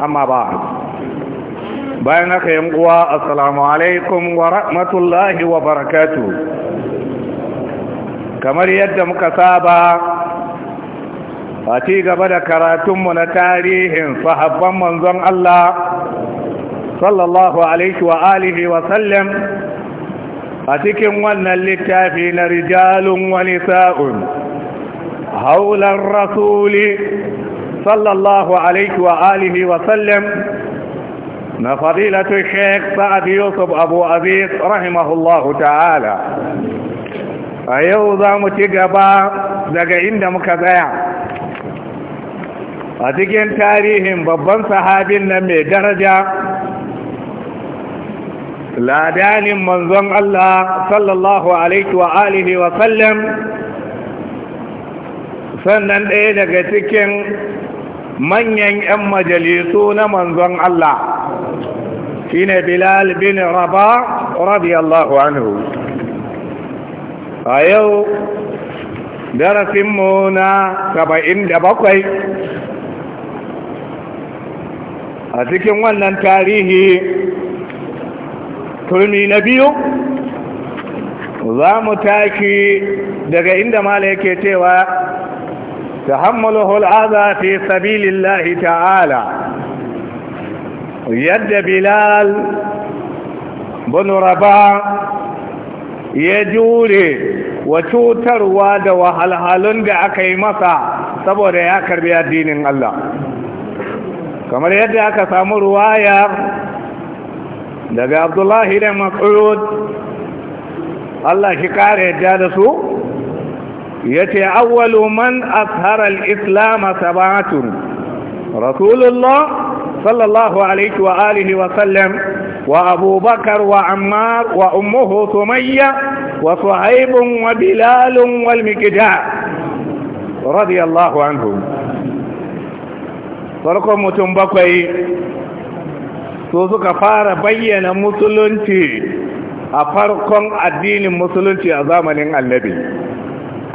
amma ba bayan haka yan uwa assalamu alaikum wa rahmatullahi wa barakatu kamar yadda muka saba a ci gaba da karatunmu na tarihin sahabban manzon Allah sallallahu alaihi wa alihi wa sallam a cikin wannan littafi na rijalun wani sa'un haular rasuli صلى الله عليه وآله وسلم نفضيلة الشيخ سعد يوسف أبو أبيض رحمه الله تعالى أيوضا متقبا لقى عند مكذايا أتقين تاريهم ببن صحابي النمي درجة ladanin manzon Allah الله صلى الله عليه وآله وسلم sannan ɗaya daga cikin manyan 'yan majalisu na manzon Allah shine bilal bin raba radiyallahu anhu a yau darasinmu na bakwai. a cikin wannan tarihi turmi na biyu za mu taki daga inda mala yake cewa tahammaluhu al'aza fi sabilillahi ta'ala yadda bilal bin ya jure wa cutarwa da wahalhalun da aka yi masa saboda ya karbi addinin Allah kamar yadda aka samu ruwaya abdullahi da mas'ud Allah shi kare yadda da su yace awwalu man azhara al-islam sabatun rasulullah sallallahu alaihi wa alihi wa sallam wa abubakar wa ammar wa ummuhu sumayya wa suhaib wa bilal wal miqdad radiyallahu anhum farkon mutum bakwai so suka fara bayyana musulunci a farkon addinin musulunci a zamanin annabi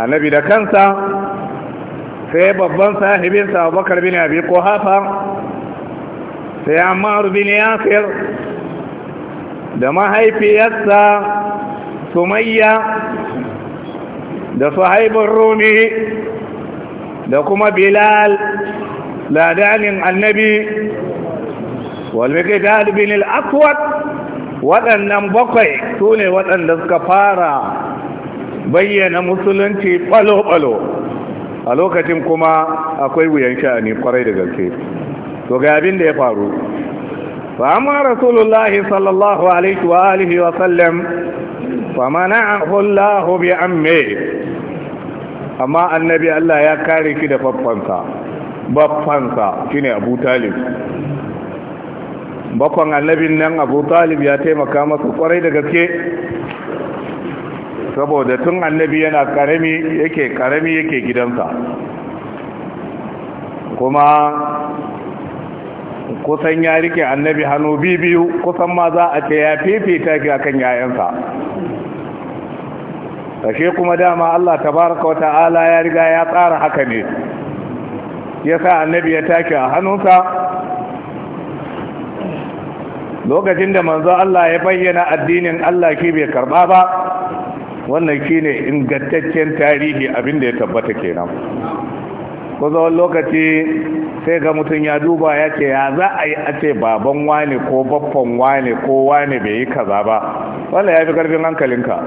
annabi da kansa sai babban sahibinsa abubakar bin abi hafa sai ammar bin yasir da mahaifiyarsa sumayya da sahibin rumi da kuma bilal ladanin annabi walmikitar bin al'aswad waɗannan bakwai su ne waɗanda suka fara bayyana musulunci balo-balo a lokacin kuma akwai wuyan sha'ani kwarai da gaske to ga abin da ya faru fa amma rasulullahi sallallahu alaihi wa alihi wa sallam fa mana'ahu Allah bi amme amma annabi Allah ya kare ki da baffansa, baffansa shine Abu Talib bakon annabin nan abu talib ya taimaka masa kwarai da gaske saboda tun annabi yana karami yake karami yake gidansa kuma kusan ya rike annabi hannu biyu kusan ma za a ce ya fifita ga kan yayansa kashe kuma dama Allah tabaraka wa ta'ala ya riga ya tsara haka ne yasa annabi ya take a hannunsa lokacin da manzo Allah ya bayyana addinin Allah ki bai karba ba wannan shine ingantaccen tarihi abinda ya tabbata kenan ko zawon lokaci sai ga mutum ya duba ya ce ya za a yi ace ce baban wane ko baffan wane ko wane bai yi kaza ba wannan ya fi karfin hankalinka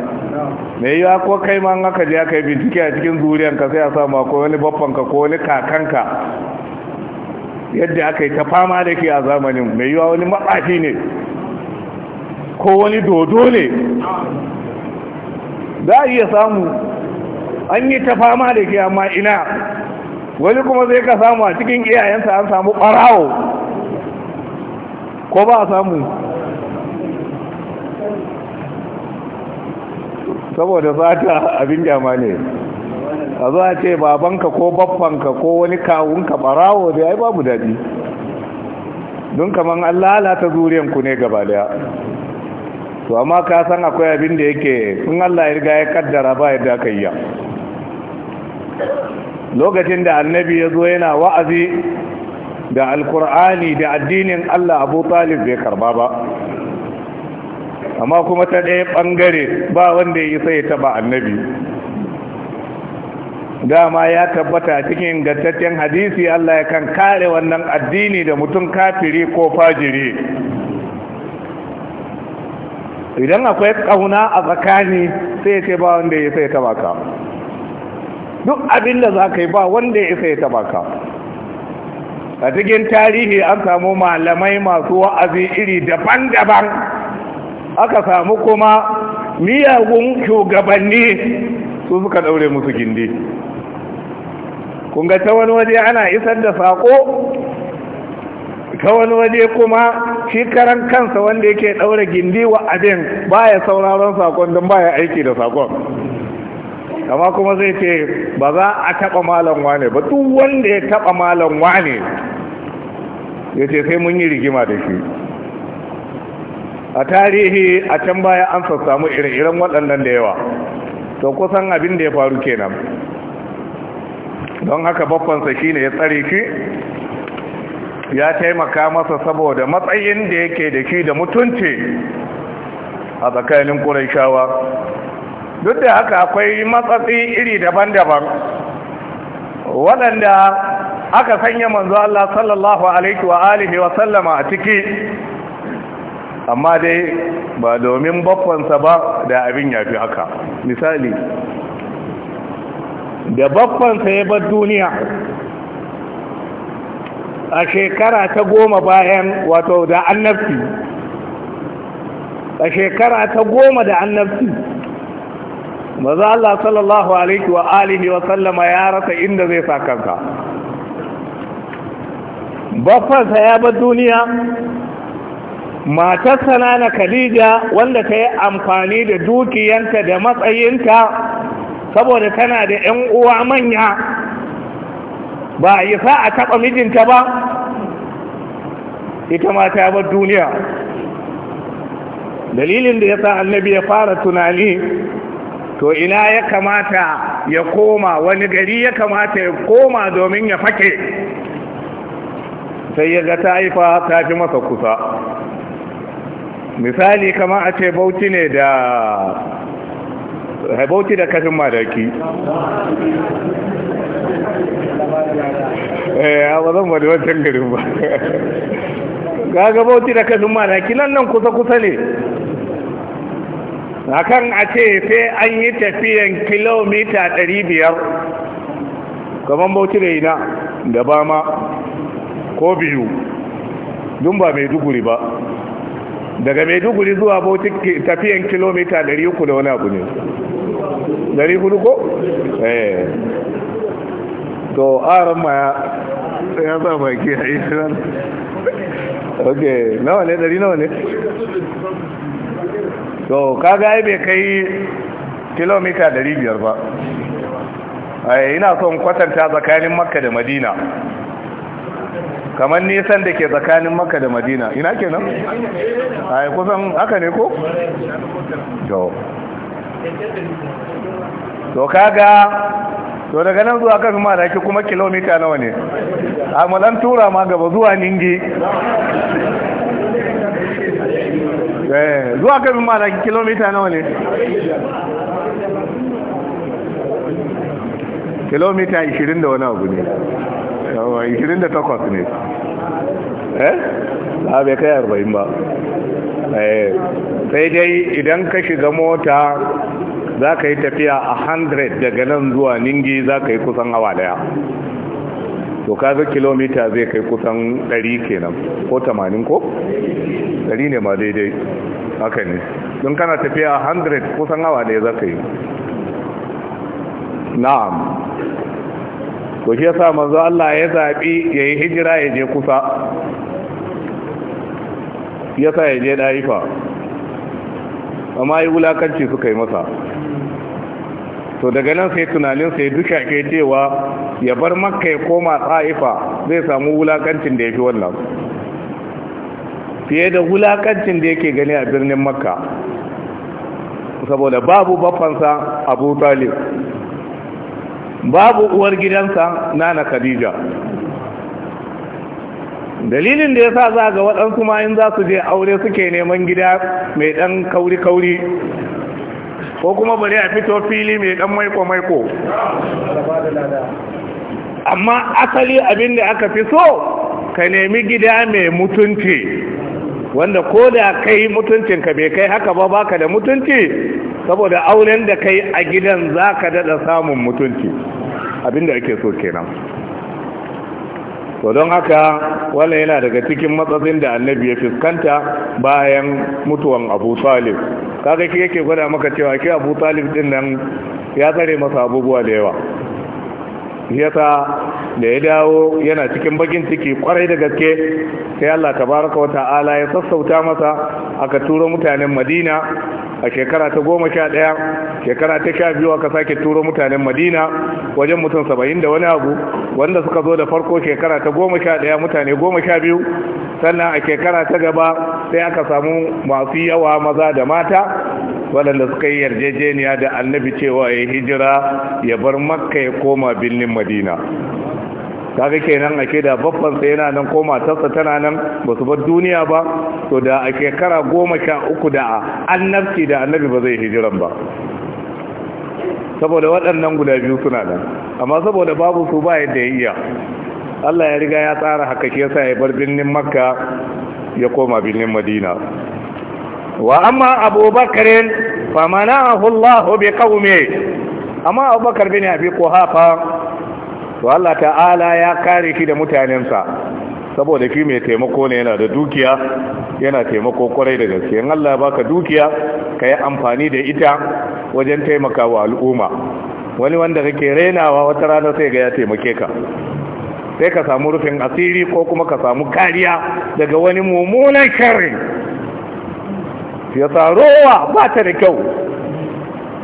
Me yiwa ko kai ma aka je aka yi bincike a cikin zuriyanka sai a samu ko wani baffanka ko wani kakanka yadda aka yi ta fama da ke a zamanin mai yiwa wani matsafi ne ko wani dodo ne za a iya samu an yi ta fama da ke amma ina wani kuma zai ka samu a cikin iyayensa an samu ɓarawo ko ba a samu saboda zata abin jama ne a za a ce babanka ko babbanka ko wani kawunka ɓarawo da ya yi babu daɗi don kamar an lalata zuriyanku ne gaba daya to amma ka san akwai abin da yake sun Allah ya riga ya kaddara ba yadda aka yi lokacin da annabi ya zo yana wa'azi da alkur'ani da addinin Allah abu talib bai karba ba amma kuma ta ɗaya ɓangare ba wanda ya yi sai taɓa annabi dama ya tabbata cikin ingantaccen hadisi Allah ya kan kare wannan addini da mutum kafiri ko fajiri idan akwai kauna a tsakani sai ce ba wanda ya sai taba ka duk abin da za ka yi ba wanda ya sai taba ka a cikin tarihi an samu malamai masu wa'azi iri daban-daban aka samu kuma miyagun shugabanni su suka daure musu gindi Kunga ta wani waje ana isar da saƙo. ta wani waje kuma shi karan kansa wanda yake ɗaura gindi wa abin baya sauraron sakon don baya aiki da sakon amma kuma zai ce ba za a taɓa malam wane ba duk wanda ya taɓa malam wane ya ce sai mun yi rigima da shi a tarihi a can baya an sassamu irin iren waɗannan da yawa to kusan abin da ya faru kenan don haka bakwansa shine ya tsare shi ya taimaka masa saboda matsayin da yake da shi da mutunci a tsakanin ƙuraishawa duk da haka akwai matsatsi iri daban-daban waɗanda aka sanya manzo Allah sallallahu alaihi wa alihi wa sallama a ciki amma dai ba domin bakwansa ba da abin ya fi haka misali da bakwansa ya bar duniya a shekara ta goma bayan wato da annabci a shekara ta goma da annabci maza Allah sallallahu alaihi wa alihi wa sallama ya rasa inda zai sa kanka baffansa ya bar duniya matarsa na Khadija wanda ta yi amfani da dukiyanta da matsayinta saboda tana da 'yan uwa manya ba a yi a taɓa mijinta ba ita ma ta bar duniya dalilin da ya sa annabi ya fara tunani to ina ya kamata ya koma wani gari ya kamata ya koma domin ya fake sai ya ga taifa ta fi masa kusa misali kama a ce bauchi ne da bauchi da kafin madaki Eh, ba zan bada wancan garin ba ga bauchi da kanin malaki nan nan kusa kusa ne A kan a ce sai an yi tafiyan kilomita 500 kamar bauti da ina da ba ma ko biyu dun ba maiduguri ba daga maiduguri zuwa bauti tafiyan kilomita 300 da wani abu ne 400 ko? Eh. to aron ma ya sa baki a yi ok nawa ne dari nawa ne to kaga ai bai kai kilomita ɗari biyar ba ai ina son kwatanta tsakanin makka da madina kamar nisan da ke tsakanin makka da madina ina kenan ai kusan haka ne ko to kaga to daga nan zuwa kan malaki kuma kilomita nawa ne a malan tura ma gaba zuwa ningi eh, zuwa kan malaki kilomita nawa ne kilomita 20 da wani abu ne 28 ne eh a bai kai 40 ba eh, sai dai idan ka shiga mota za ka yi tafiya a 100 daga nan zuwa ningi za ka yi kusan awa daya to kaza kilomita zai kai kusan 100 kenan ko 80 ko 100 ne ma daidai haka ne don kana tafiya a 100 kusan awa daya za ka yi na'am to shi yasa manzo Allah ya zabi yayi hijira ya je kusa yasa ya je daifa amma yi wulakanci suka yi masa to daga nan sai tunanin sai duka ke cewa ya bar makka ya koma tsa'ifa zai samu wulakancin da ya fi wannan fiye da wulakancin da yake gani a birnin makka saboda babu bafansa abu talib babu uwar gidansa nana khadija dalilin da ya sa za ga waɗansu main za su je aure suke neman gida mai ɗan kauri-kauri ko kuma bari a fito fili mai dan maiko maiko amma asali abin da aka fi so ka nemi gida mai mutunci wanda ko da kai mutuncinka bai kai haka ba baka da mutunci saboda auren da kai a gidan za ka daɗa samun mutunci abin da ake so kenan to don haka wannan yana daga cikin matsatsin da annabi ya fuskanta bayan mutuwan abu talib kaga ki yake gwada maka cewa ki abu talib din nan ya tsare masa abubuwa da yawa yasa da ya dawo yana cikin bakin ciki kwarai da gaske sai Allah tabaraka wa ta'ala ya sassauta masa aka turo mutanen Madina a shekara ta goma sha ɗaya shekara ta sha biyu aka sake turo mutanen Madina wajen mutum saba'in da wani abu wanda suka zo da farko shekara ta goma sha ɗaya mutane goma sha biyu sannan a shekara ta gaba sai aka samu masu yawa maza da mata waɗanda suka yi yarjejeniya da annabi cewa ya hijira ya bar makka ya koma birnin madina kaga kenan ake da babban sai yana nan ko matarsa tana nan ba su bar duniya ba to da a shekara goma sha uku da a annabci da annabi ba zai hijiran ba saboda waɗannan guda biyu suna nan amma saboda babu su ba yadda ya iya Allah ya riga ya tsara haka ke sa ya bar birnin makka ya koma birnin madina wa amma abubakarin famanahu Allah bi qaumi amma abubakar bin abi hafa. to Allah ta'ala ya kare shi da mutanensa saboda ki mai taimako ne yana da dukiya yana taimako kwarai da gaske yin Allah baka dukiya ka yi amfani da ita wajen taimaka wa al'umma wani wanda kake renawa wata rana sai ga ya taimake ka sai ka samu rufin asiri ko kuma ka samu kariya daga wani mummunan sharri ya sa rowa ba ta da kyau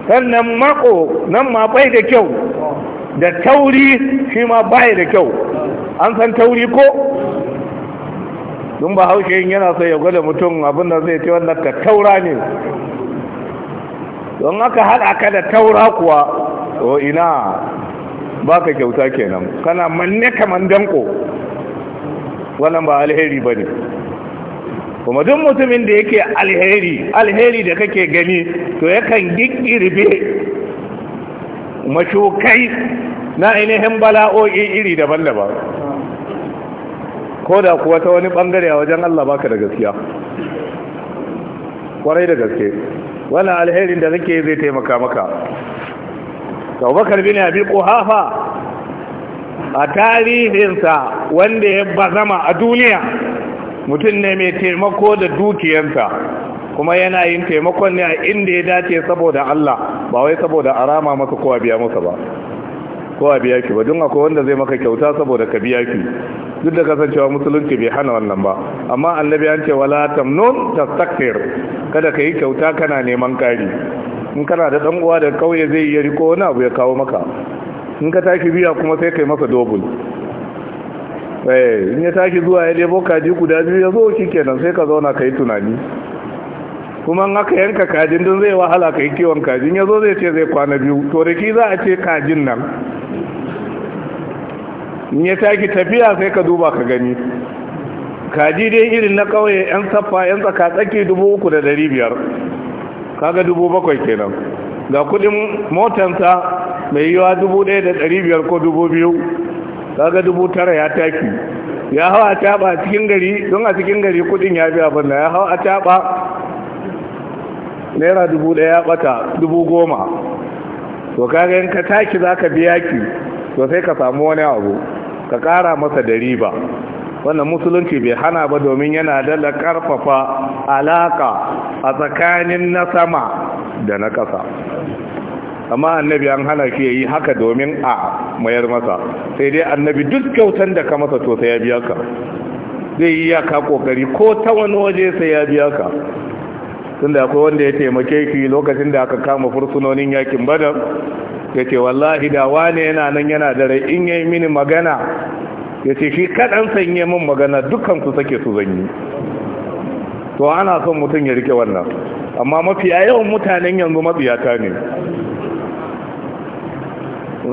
sannan mako nan ma bai da kyau da tauri shi ma bai da kyau an san tauri ko dun ba haushe yin yana sai ya gwada mutum abinda zai ce wannan ka taura ne don aka haɗa ka da taura kuwa o ina ba ka kyauta kenan kana manne kamar danko wannan ba alheri ba ne kuma duk mutumin da yake alheri alheri da kake gani to yakan gigirbe mashukai na ainihin bala'o'i iri daban-daban ko da kuwa ta wani bangare a wajen Allah baka da gaskiya kwarai da gaske wannan alherin da kake zai taimaka maka abubakar bin abi kuhafa a tarihinsa wanda ya bazama a duniya mutum ne mai taimako da dukiyarsa kuma yana yin taimakon ne a inda ya dace saboda Allah ba wai saboda arama maka kowa biya masa ba kowa biya ki ba don akwai wanda zai maka kyauta saboda ka biya ki duk da kasancewa musulunci bai hana wannan ba amma annabi ya ce wala tamnun tastakir kada ka yi kyauta kana neman kari in kana da dan uwa da kauye zai yi riko wani abu ya kawo maka in ka tashi biya kuma sai kai masa dobul Eh, in ya tashi zuwa ya debo kaji guda biyu ya zo shi kenan sai ka zauna ka yi tunani kuma in aka yanka kajin don zai wahala ka yi kiwon kajin ya zo zai ce zai kwana biyu to da ki za a ce kajin nan in ya tashi tafiya sai ka duba ka gani kaji dai irin na kauye yan saffa yan tsaka tsaki dubu uku da dari biyar kaga dubu bakwai kenan ga kudin motansa mai yiwa dubu ɗaya da dari biyar ko dubu biyu kaga dubu tara ya taki ya hau a taba a cikin gari don a cikin gari kudin ya biya banda ya hau a taba naira dubu daya ya bata dubu goma to kaga in ka taki za ka biya ki to sai ka samu wani abu ka kara masa da riba wannan musulunci bai hana ba domin yana dala karfafa alaka a tsakanin na sama da na kasa amma annabi an hana shi yayi haka domin a mayar masa sai dai annabi duk kyautan da ka masa to sai ya biya ka zai yi yaka kokari ko ta wani waje sai ya biya ka tunda akwai wanda ya taimake shi lokacin da aka kama fursunonin yakin badar ya wallahi da wane yana nan yana da rai in yayi mini magana ya ce shi kaɗan sanye min magana dukkan ku sake su zanyi to ana son mutum ya rike wannan amma mafiya yawan mutanen yanzu matsiyata ne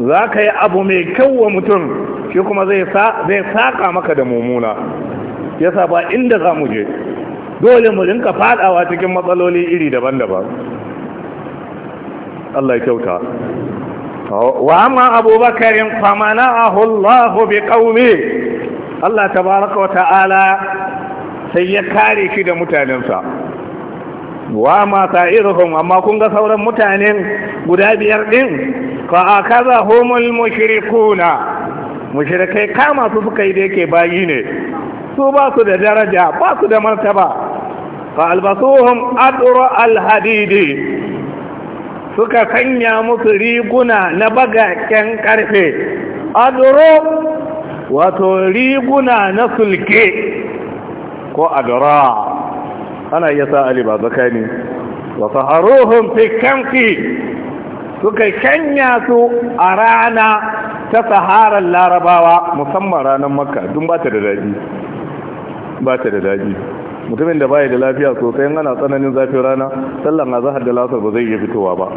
za ka yi abu mai kyau wa mutum shi kuma zai saƙa maka da mummuna ya sa ba inda za mu je dole mu rinka faɗawa cikin matsaloli iri daban-daban Allah ya kyauta wa amma abubakarin famana ahullahu bi ƙaumi Allah tabaraka wa ta'ala sai ya kare shi da mutanensa wa ma sa'iruhum amma kun ga sauran mutanen guda biyar din fa akazahumul mushrikuna mushrikai kama su suka yi da yake bayi ne su ba su da daraja ba su da martaba fa albasuhum adra alhadidi suka sanya musu riguna na bagaken karfe adro wato riguna na sulke ko adra ana iya sa ali ba zakani wa faharuhum fi kamfi suka kanya su a rana ta saharar larabawa musamman ranar makka dun ba ta da daji ba ta da daji mutumin da baya da lafiya sosai ana tsananin zafin rana sallan azhar da lasar ba zai iya fitowa ba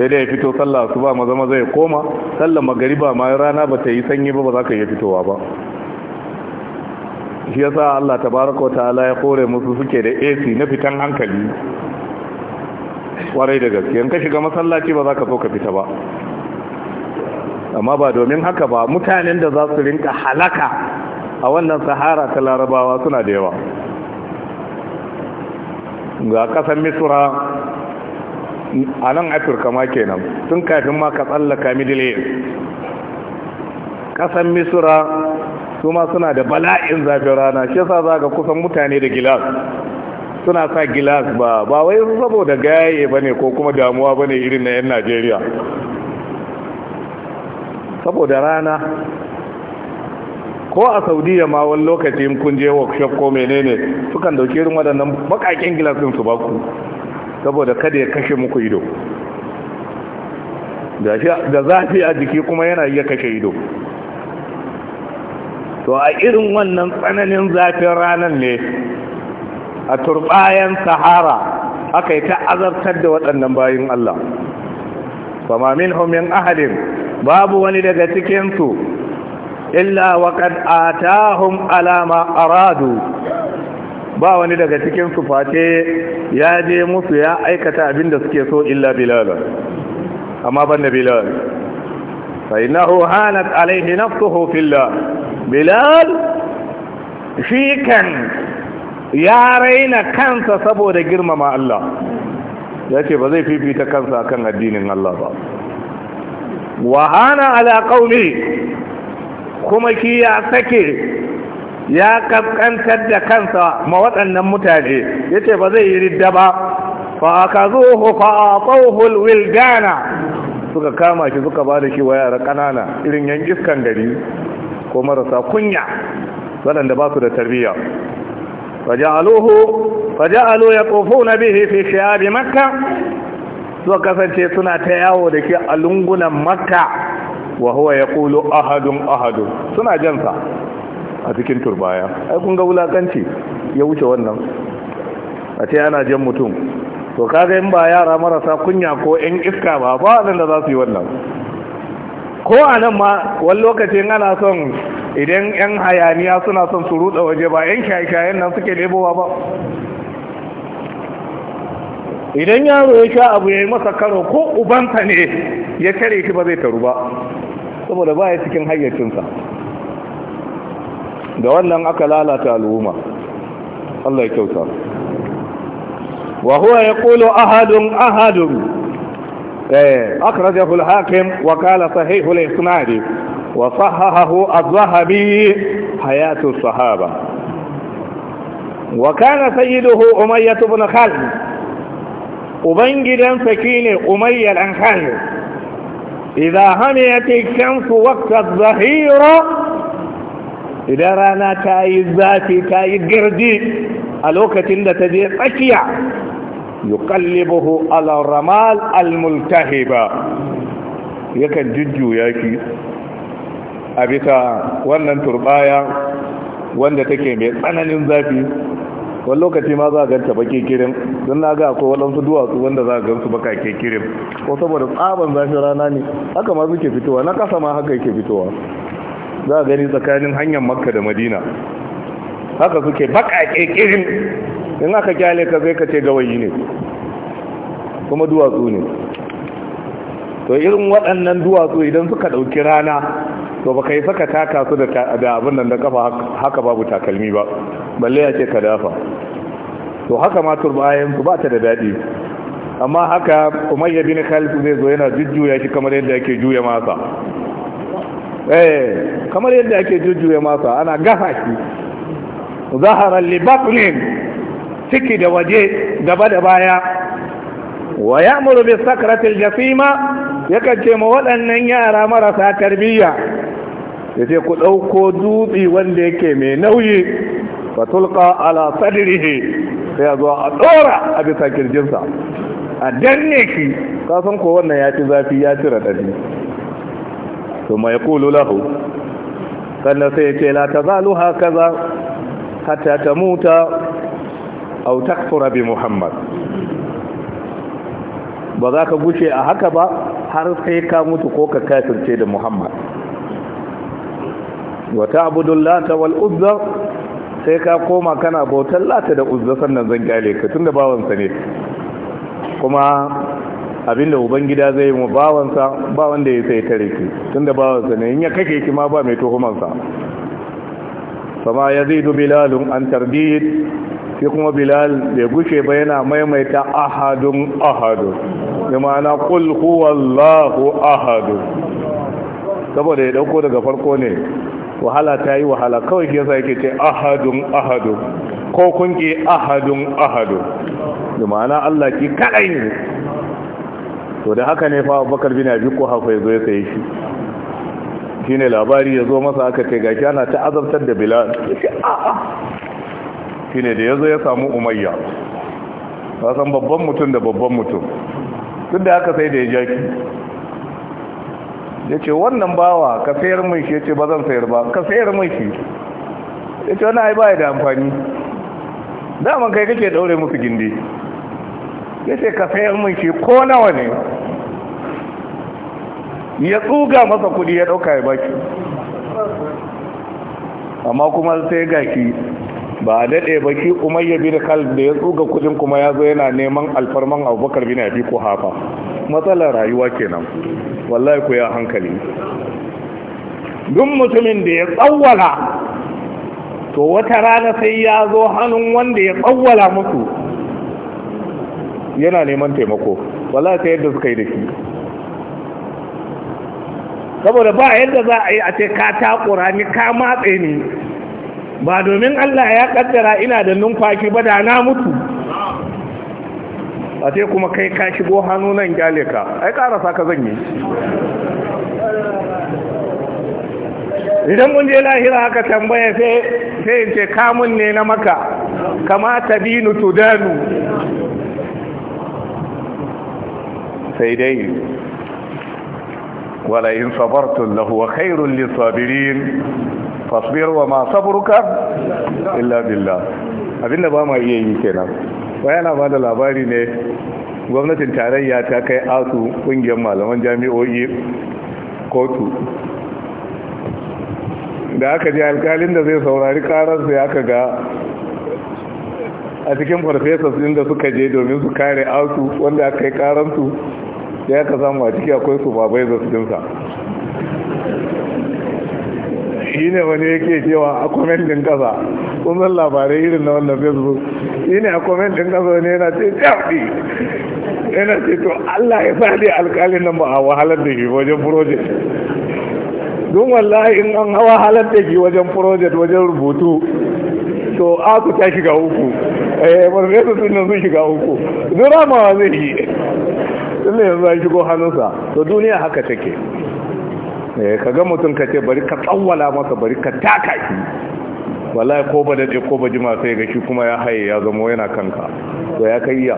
sai dai ya fito sallah su ba maza maza ya koma sallan magariba ma rana ba ta yi sanyi ba ba za ka iya fitowa ba shi yasa Allah tabaraka ta'ala ya kore musu suke da AC na fitan hankali warai da gaske in shiga masallaci ba za ka so ka fita ba amma ba domin haka ba mutanen da za su rinka halaka a wannan sahara ta larabawa suna da yawa ga kasan misura a nan afirka ma kenan tun kafin ma ka tsallaka middle east kasan misura su ma suna da bala'in zafin rana shi yasa za ga kusan mutane da gilas suna sa gilas ba ba wai saboda gaye bane ko kuma damuwa bane irin na yan Najeriya saboda rana ko a Saudiya ma wani lokaci kun je workshop ko menene sukan dauki irin waɗannan bakakin gilas din su ba ku saboda kada ya kashe muku ido da zafi a jiki kuma yana iya kashe ido to a irin wannan tsananin zafin ranar ne a turbayan sahara aka yi ta azabtar da waɗannan bayin Allah fama min homin ahadin babu wani daga cikinsu illa waƙad atahum alama aradu ba wani daga cikinsu face ya je musu ya aikata abinda suke so illa bilalar amma ban da bilalar sai na hanat alaihi nafsuhu fillah bilal shi kan ya raina kansa saboda girmama Allah ya ce ba zai fifita kansa akan addinin Allah ba wahana ala ƙauni kuma ki ya sake ya kaskantar da kansa ma waɗannan mutane yace ba zai yi ridda ba fa akazuhu fa atawhu alwildana suka kama shi suka ba da shi wa yara ƙanana. irin yan iskan gari ko marasa kunya waɗanda ba su da tarbiyya faja'aluhu faja'alu yaqufuna bihi fi shiyab makka suka kasance suna ta yawo da ke a lungunan makka wa huwa yaqulu ahadun ahadun suna jansa a cikin turbaya ai kun ga wulakanci ya wuce wannan a ce ana jan mutum to kaga in ba yara marasa kunya ko yan iska ba ba da za su yi wannan ko a nan ma wani lokacin ana son idan 'yan hayaniya suna son su rutsa waje ba 'yan shaye-shayen nan suke lebowa ba idan yaro ya sha abu ya yi masa karo ko ubanta ne ya kare shi ba zai taru ba saboda ba ya cikin hayyacinsa da wannan aka lalata al'umma Allah ya kyauta wa huwa Kolo ahadun ahadun إيه. أخرجه الحاكم وقال صحيح الإسناد وصححه الذهبي حياة الصحابة وكان سيده أمية بن خلف وبنجدا سكين أمية بن إذا هميت الشمس وقت الظهيرة إذا رانا تاي الزاتي تاي الجردي الوقت اللي تجي تكيع yuqallibuhu ala ramal almultahiba yakan jujjuya ki a bisa wannan turbaya wanda take mai tsananin zafi wani lokaci ma za a ganta baki kirin don na ga akwai waɗansu duwatsu wanda za a gansu baka ke ko saboda tsaban zafin rana ne haka ma suke fitowa na ƙasa ma haka yake fitowa za a gani tsakanin hanyar makka da madina haka suke baka ke in aka kyale ka zai ka ce gawayi ne kuma duwatsu ne to irin waɗannan duwatsu idan suka ɗauki rana to ba kai saka taka su da abin nan da kafa haka babu takalmi ba balle ya ce ka dafa to haka ma turbayen su ba ta da daɗi amma haka umayya bin khalid zai zo yana jujjuya shi kamar yadda ake juya masa eh kamar yadda ake jujjuya masa ana gafa shi zaharar libafinin ciki da waje gaba da baya wa ya muru bi sakratil jasima ya ce ma waɗannan yara marasa tarbiyya ce ku ɗauko dutse wanda yake mai nauyi fatulka ala sadrihi sai zo a ɗora a bisa kirjinsa a danne ki san ko wannan ya ci zafi ya ci raɗaɗi to mai kulu lahu sannan sai ce la ta zalu haka za hatta ta muta aw takfura bi muhammad ba za ka guce a haka ba har sai ka mutu ko ka kafirce da muhammad wa ta'budul lata wal uzza sai ka koma kana bautar lata da uzza sannan zan gale ka tunda bawansa ne kuma abinda ubangida zai mu bawansa ba wanda ya sai tare ki tunda bawansa ne in ya kake ki ma ba mai tuhumansa fama yazidu bilalun an tardid shi kuma bilal bai gushe ba yana maimaita ahadun ahadu da ma'ana kul Allahu ahadu saboda ya ɗauko daga farko ne wahala ta yi wahala kawai ke sa yake ce ahadun ahadu ko kun ke ahadun ahadu da ma'ana Allah ki kaɗai ne to da haka ne fa bakar bin Abi ko yazo ya zo ya sai shi shine labari ya zo masa aka ce gashi ana ta azabtar da Bilal ne da yazo ya samu umayya ka san babban mutum da babban mutum duk da haka sai da ya jaki ya ce wannan bawa ka sayar mun shi ya ce ba zan sayar ba ka sayar mun shi ya ce wani ai ba da amfani daman kai kake daure musu gindi ya ce ka sayar mun shi ko nawa ne ya tsuga masa kudi ya dauka ya baki amma kuma sai ga shi ba daɗe ba ki umayya bin kalb da ya tsuga kudin kuma ya zo yana neman alfarman abubakar bin abi ko hafa matsalar rayuwa kenan wallahi ku ya hankali duk mutumin da ya tsawwala to wata rana sai ya zo hannun wanda ya tsawwala musu yana neman taimako wallahi ta yadda suka yi da shi saboda ba yadda za a yi a ce ka takura ni ka matse ni ba domin Allah ya kaddara ina da numfashi ba da na mutu a sai kuma kai ka shigo hannu nan gyale ka ai karasa ka zan yi idan mun je lahira haka tambaya sai in ce kamun ne na maka kama tabinu tudanu sai dai wala in sabartun lahu khairun lissabirin fasbir wa ma sabruka illa billah abinda ba ma iya yi kenan bayana ba da labari ne gwamnatin tarayya ta kai asu kungiyar malaman jami'o'i kotu da aka ji alkalin da zai saurari karar ya aka ga a cikin farfesas inda suka je domin su kare asu wanda aka yi karansu ya ka samu a ciki akwai su babai zaskinsa shi ne wani yake cewa a kwamentin kasa kun san labarai irin na wannan facebook shi ne a kwamentin kasa ne yana ce jafi yana ce to allah ya sa alkalin nan ba a wahalar da shi wajen project don wallahi in an hawa halar da shi wajen project wajen rubutu to a ku ta shiga uku eh farfesa sun nan sun shiga uku duramawa zai yi tun yanzu an shigo hannunsa to duniya haka take Eh, ka ga mutum ka ce bari ka tsawwala masa bari ka taka shi wallahi ko ba daɗe ko ba jima sai ga shi kuma ya haye ya zama yana kanka to ya kai ya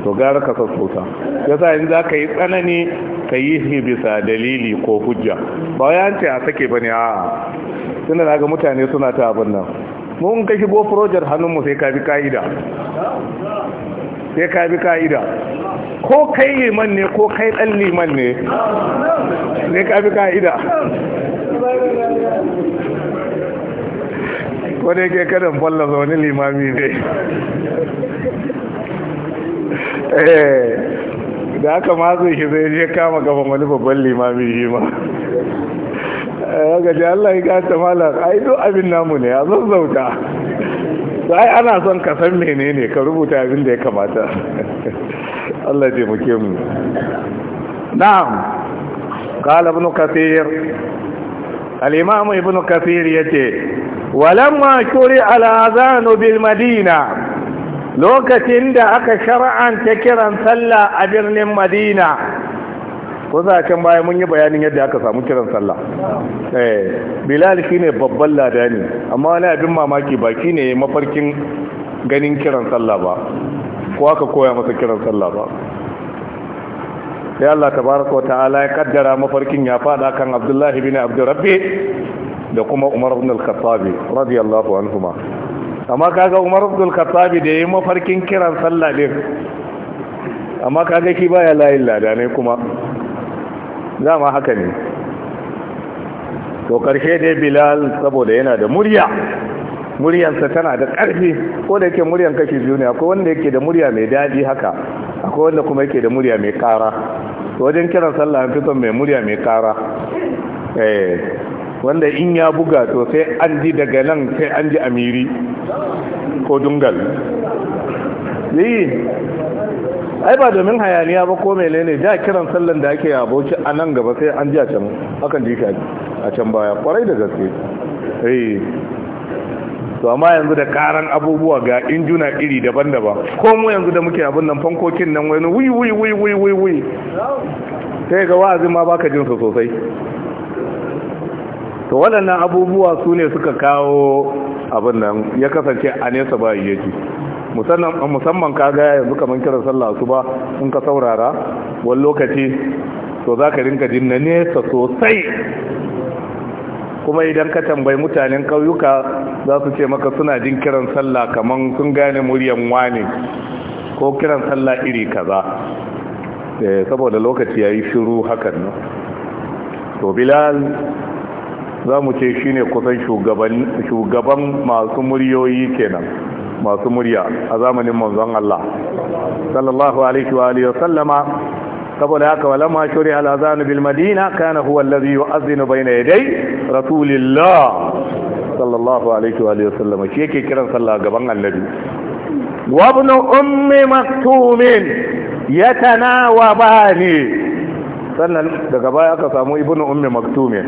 to gara ka sassauta ya sa za ka yi tsanani ka yi shi bisa dalili ko hujja ba ya ce a sake ba ne a tunda na ga mutane suna ta abin nan mun ka shigo furojar hannunmu sai ka bi ka'ida sai ka bi ka'ida ko kai liman ne ko kai dan liman ne sai ka bi ka'ida ko dai ke falla fallasa wani limami ne eh, da aka zai shi zai je kama gaban wani babban limami shi ma ya eh, gaji Allah ya gata malar ai duk abin namu ne a zazzauta ai ana son ka menene ka rubuta abin da ya kamata Allah ya muke mu na'am qala ibn kathir al-imam ibn kathir yace walamma kuri al-azan bil madina lokacin da aka shar'an kiran sallah a birnin madina ko za can baya mun yi bayanin yadda aka samu kiran sallah eh bilal shine babban ladani amma wani abin mamaki baki ne mafarkin ganin kiran sallah ba ko aka koya masa kiran sallah ba sai Allah tabaraka wata'ala ya kaddara mafarkin ya fada kan Abdullahi bin Abdurrabbi da kuma Umar ibn al-Khattab radiyallahu anhuma amma kaga Umar ibn al-Khattab da yayin mafarkin kiran sallah din amma kaga shi baya la ilaha illallah ne kuma dama haka ne to karshe dai bilal saboda yana da murya muryansa tana da ƙarfi ko da yake muryan kashi biyu ne akwai wanda yake da murya mai daɗi haka akwai wanda kuma yake da murya mai ƙara wajen kiran sallah an fi son mai murya mai ƙara eh, wanda in ya buga to sai an ji daga nan sai an ji amiri ko dungal yi ai ba domin hayaniya ba ko ne? ja kiran sallan da ake aboki a nan gaba sai an ji a can akan ji ka a can baya kwarai da gaske eh to amma yanzu da karan abubuwa ga injuna iri daban-daban ko mu yanzu da muke abin nan fankokin nan wani wuyi wuyi wuyi wuyi wuyi wuyi sai ga wa'azin ma baka jin su sosai to waɗannan abubuwa su ne suka kawo abin nan ya kasance a nesa ba yake musamman ka kaga yanzu kamar kiran sallah su ba in ka saurara wani lokaci to za ka rinka jin na nesa sosai kuma idan ka tambayi mutanen kauyuka za su ce maka suna jin kiran sallah kamar sun gane muryan wani ko kiran sallah iri kaza eh, saboda lokaci ya yi shiru hakan nan to bilal za mu ce shine kusan shugaban masu muryoyi kenan masu murya a zamanin manzon Allah sallallahu alaihi wa alihi sallama saboda haka walamma shuri al-azan bil madina kana huwa alladhi yu'adhdhinu bayna yaday rasulillah sallallahu alaihi wa alihi sallama shi yake kiran sallah gaban annabi wa ibn ummi maktumin yatanawabani sannan daga baya aka samu ibn ummi maktumin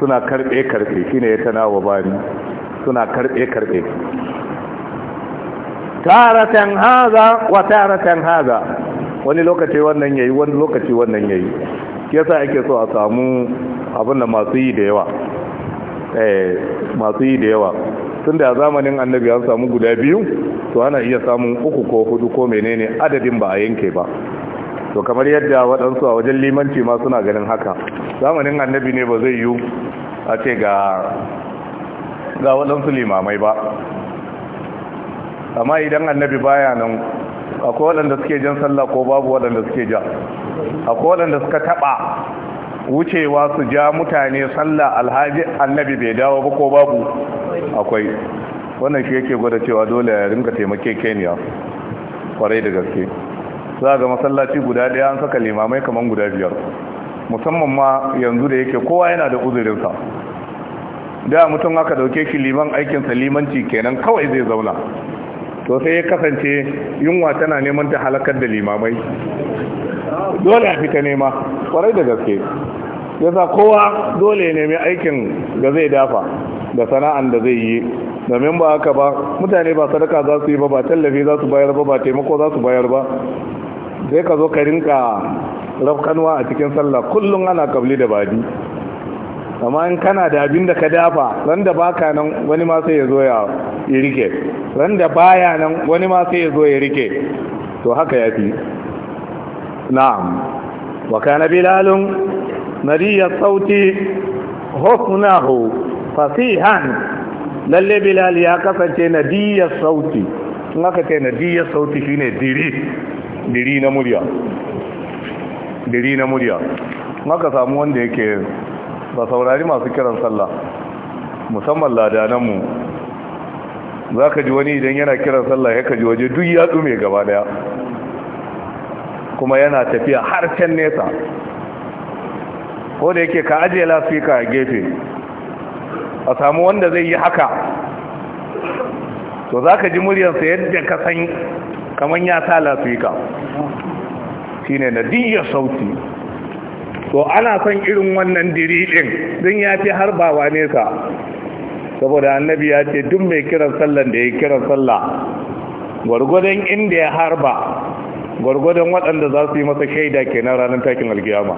suna karbe karbe shine yatanawabani suna karbe karbe taratan haza wa taratan haza wani lokaci wannan yayi wani lokaci wannan yayi yasa ake so a samu abin da masu yi da yawa eh masu yi da yawa tun da zamanin annabi an samu guda biyu to ana iya samun uku ko hudu ko menene adadin ba a yanke ba to kamar yadda waɗansu a wajen limanci ma suna ganin haka zamanin annabi ne ba zai yiwu a ce ga ga waɗansu limamai ba amma idan annabi baya nan akwai waɗanda suke jan sallah ko babu waɗanda suke ja akwai waɗanda suka taɓa wucewa su ja mutane sallah alhaji annabi bai dawo ba ko babu akwai wannan shi yake gwada cewa dole ya rinka taimake keniya kwarai da gaske za ga masallaci guda ɗaya an saka limamai kamar guda biyar musamman ma yanzu da yake kowa yana da uzurinsa da mutum aka dauke shi liman aikinsa limanci kenan kawai zai zauna to sai ya kasance yunwa tana neman ta halakar da limamai dole a fita nema kwarai da gaske Ya sa kowa dole ya nemi aikin da zai dafa da sana'an da zai yi domin ba haka ba mutane ba sadaka za su yi ba ba tallafi za su bayar ba ba taimako za su bayar ba sai ka zo ka rinka rafkanwa a cikin sallah kullum ana kabli da badi amma in kana da abin da ka dafa ran da baka nan wani ma sai ya zo ya rike ran da baya nan wani ma sai ya zo ya rike to haka ya fi na'am wa kana bilalun nadiya sauti husnahu fasihan lalle bilal ya kasance nadiyar sauti in aka ce nadiyar sauti shine diri diri na murya diri na murya maka samu wanda yake ba saurari masu kiran sallah musamman ladananmu za ka ji wani idan yana kiran sallah ya ka ji waje duk ya tsume gaba daya kuma yana tafiya har can nesa ko da yake ka ajiye lafika a gefe a samu wanda zai yi haka to za ka ji muryarsa yadda ka san kamar ya sa lafika shi ne na diyar sauti to ana son irin wannan diri din don ya fi harbawa nesa saboda annabi ya ce duk mai kiran sallan da ya kiran sallah gwargwadon inda ya harba gwargwadon waɗanda za su yi masa shaida ke na ranar takin alkiyama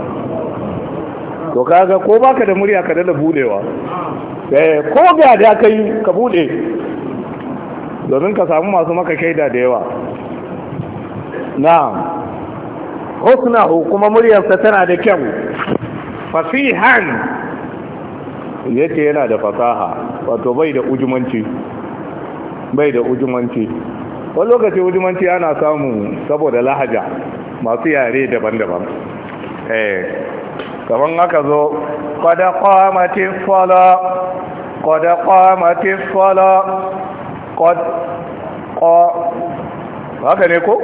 to kaga ko baka da murya ka dala budewa eh ko ga da yi ka bude domin ka samu masu maka shaida da yawa na'am husnahu kuma muryarsa tana da kyau fasihan yace yana da fasaha wato bai da ujumanci bai da ujumanci wani lokaci ujumanci ana samu saboda lahaja masu yare daban-daban eh kaman haka zo qad qamati sala qad qamati sala qad qa haka ne ko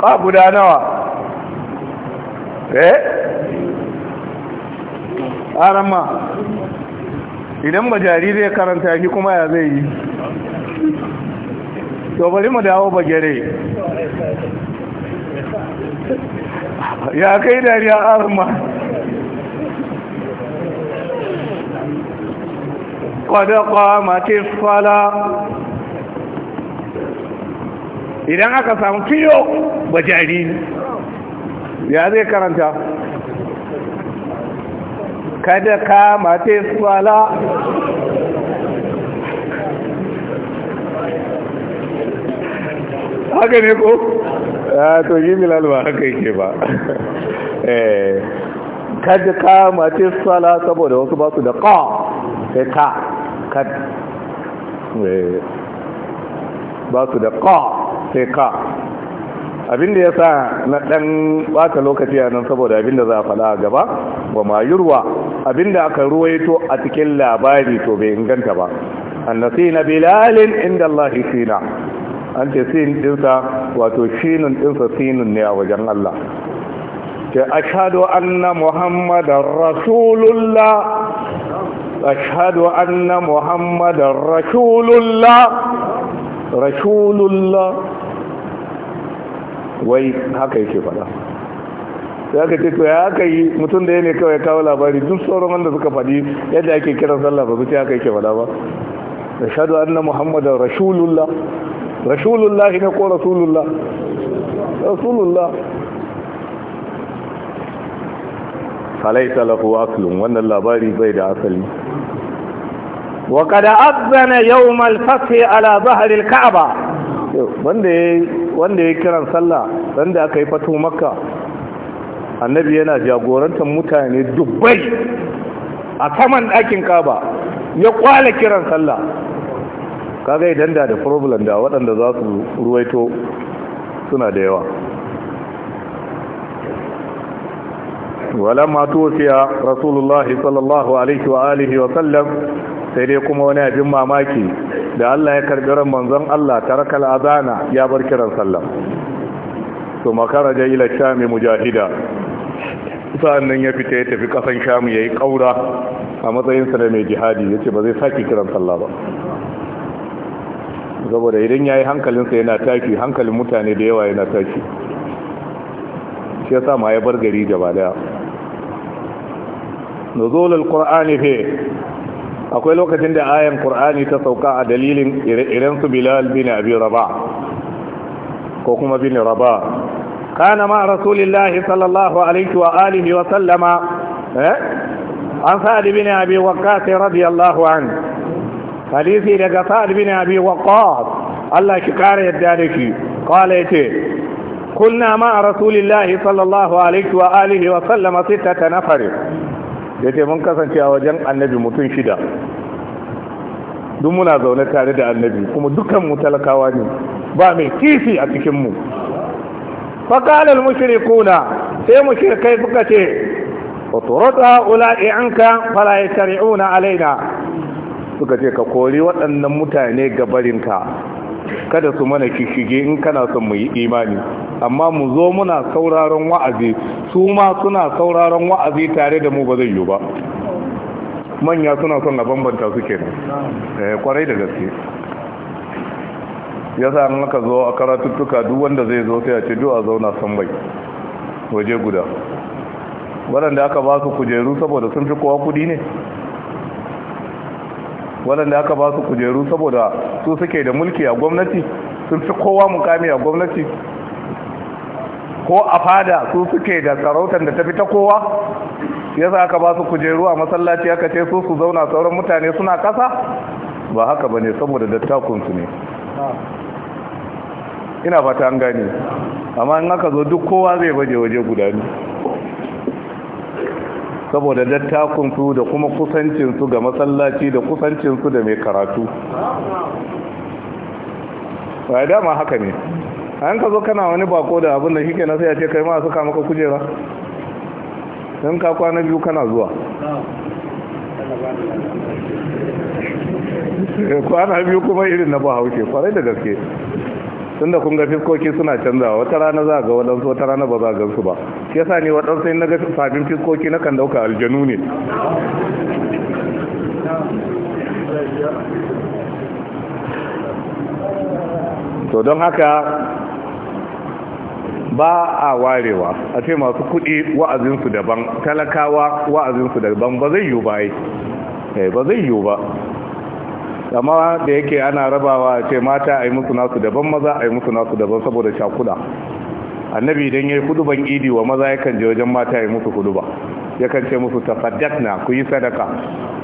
ka guda nawa eh arama idan ba jariri karanta shi kuma ya zai yi to bari mu dawo gere ya kai dariya arma kwada kwamati fala idan aka samu fiyo ba jariri ya zai karanta kada ka mate suwala haka ne ko ah, to yi milal ba haka yake ba eh, kada ka mate suwala saboda wasu ba su da ka sai ka kada eh, ba su da ƙa sai ka Abin da ya sa na ɗan ɓata lokaci a nan saboda abin da za a faɗa a gaba yurwa mayurwa da aka ruwaito a cikin labari to bai inganta ba annasi na bilalin inda Allah sina an ce sin ɗinsa wato shinun ɗinsa sinun ne a wajen Allah ce ashhadu anna muhammadar rasulullah ashhadu anna muhammadar rasulullah rasulullah wai haka yake fada sai aka ce to ya aka yi mutum da ya ne kawai kawo labari duk sauran wanda suka faɗi yadda ake kiran sallah ba su ce haka yake fada ba da shaɗu anna muhammadin rasulullah rasulullah ne ko rasulullah rasulullah falaita lahu aklun wannan labari bai da asali wa kada azzana yawmal fathi ala zahri Ka'aba. wanda ya yi kiran sallah wanda aka yi fato makka annabi yana jagorantar mutane dubbai a saman ɗakin kaba ya kwala kiran sallah kaga idan da da problem da waɗanda za su ruwaito suna da yawa ولما توفي رسول الله صلى الله عليه وآله وسلم sai dai kuma wani abin mamaki da Allah ya karbi ran manzon Allah tarakal azana ya bar kiran sallah to makara da ila shami mujahida sa'annan ya fita ya tafi kasan shamu yayi kaura a matsayinsa da mai jihadi yace ba zai saki kiran sallah ba saboda idan yayi hankalinsa yana taki hankalin mutane da yawa yana taki shi yasa ma ya bar gari gaba daya nuzul Kur'ani fe akwai lokacin da ayan qur'ani ta sauka a dalilin iren su bilal bin abi rabah ko kuma bin rabah kana ma rasulillahi sallallahu alaihi wa alihi wa sallama eh an sa'ad bin abi waqqas radiyallahu an hadisi daga sa'ad bin abi waqqas Allah ki kare yadda da ki qala yace kunna ma rasulillahi sallallahu alaihi wa alihi wa sallama sittata nafar ya ce mun kasance a wajen annabi mutum shida duk muna zaune tare da annabi kuma dukanmu talakawa ne ba mai kifi a cikinmu fakalar mushrikuna sai mushrikai suka ce uturata ula'i anka fala yasri'una alaina suka ce ka kori waɗannan mutane ga barinka. kada su mana kishige in kana son mu yi imani amma mu zo muna sauraron wa'azi su ma suna sauraron wa'azi tare da mu ba zai yi ba manya suna son a bambanta su kenan eh, kwarai da gaske ya sa an ka zo a karatuttuka duk wanda zai zo sai a ce a zauna san bai waje guda waɗanda aka ba su kujeru saboda sun fi kowa kuɗi ne waɗanda aka ba su kujeru saboda su suke da mulki a gwamnati sun fi kowa mukami a gwamnati ko a fada su suke da sarautar da ta fi ta kowa ya za aka ba su kujeru a masallaci aka ce su su zauna sauran mutane suna kasa ba haka ba ne saboda dattakunsu ne ina fata an gani amma in aka zo duk kowa zai baje waje guda ne saboda dattakunsu da kuma kusancinsu ga masallaci da kusancinsu da mai karatu ba dama haka ne an ka zo kana wani bako da abin da shi ke nasu ya ce kai ma suka kujera don ka kwana biyu kana zuwa eh, kwana biyu kuma irin na bahaushe kwarai da gaske da kun ga fiskoki suna canzawa wata rana za ga waɗansu wata rana ba za ga su ba shi yasa ne waɗansu in na ga sabbin fiskoki na kan dauka aljanu ne to don haka ba a warewa a ce masu kuɗi wa'azinsu daban talakawa wa'azinsu daban ba zai yiwu ba eh, ba zai yiwu ba amma da yake ana rabawa ce mata a yi musu nasu daban maza a yi musu nasu daban saboda shakuda annabi idan ya yi kuduban idi wa maza yakan je wajen mata ya musu kuduba kan ce musu na ku yi sadaka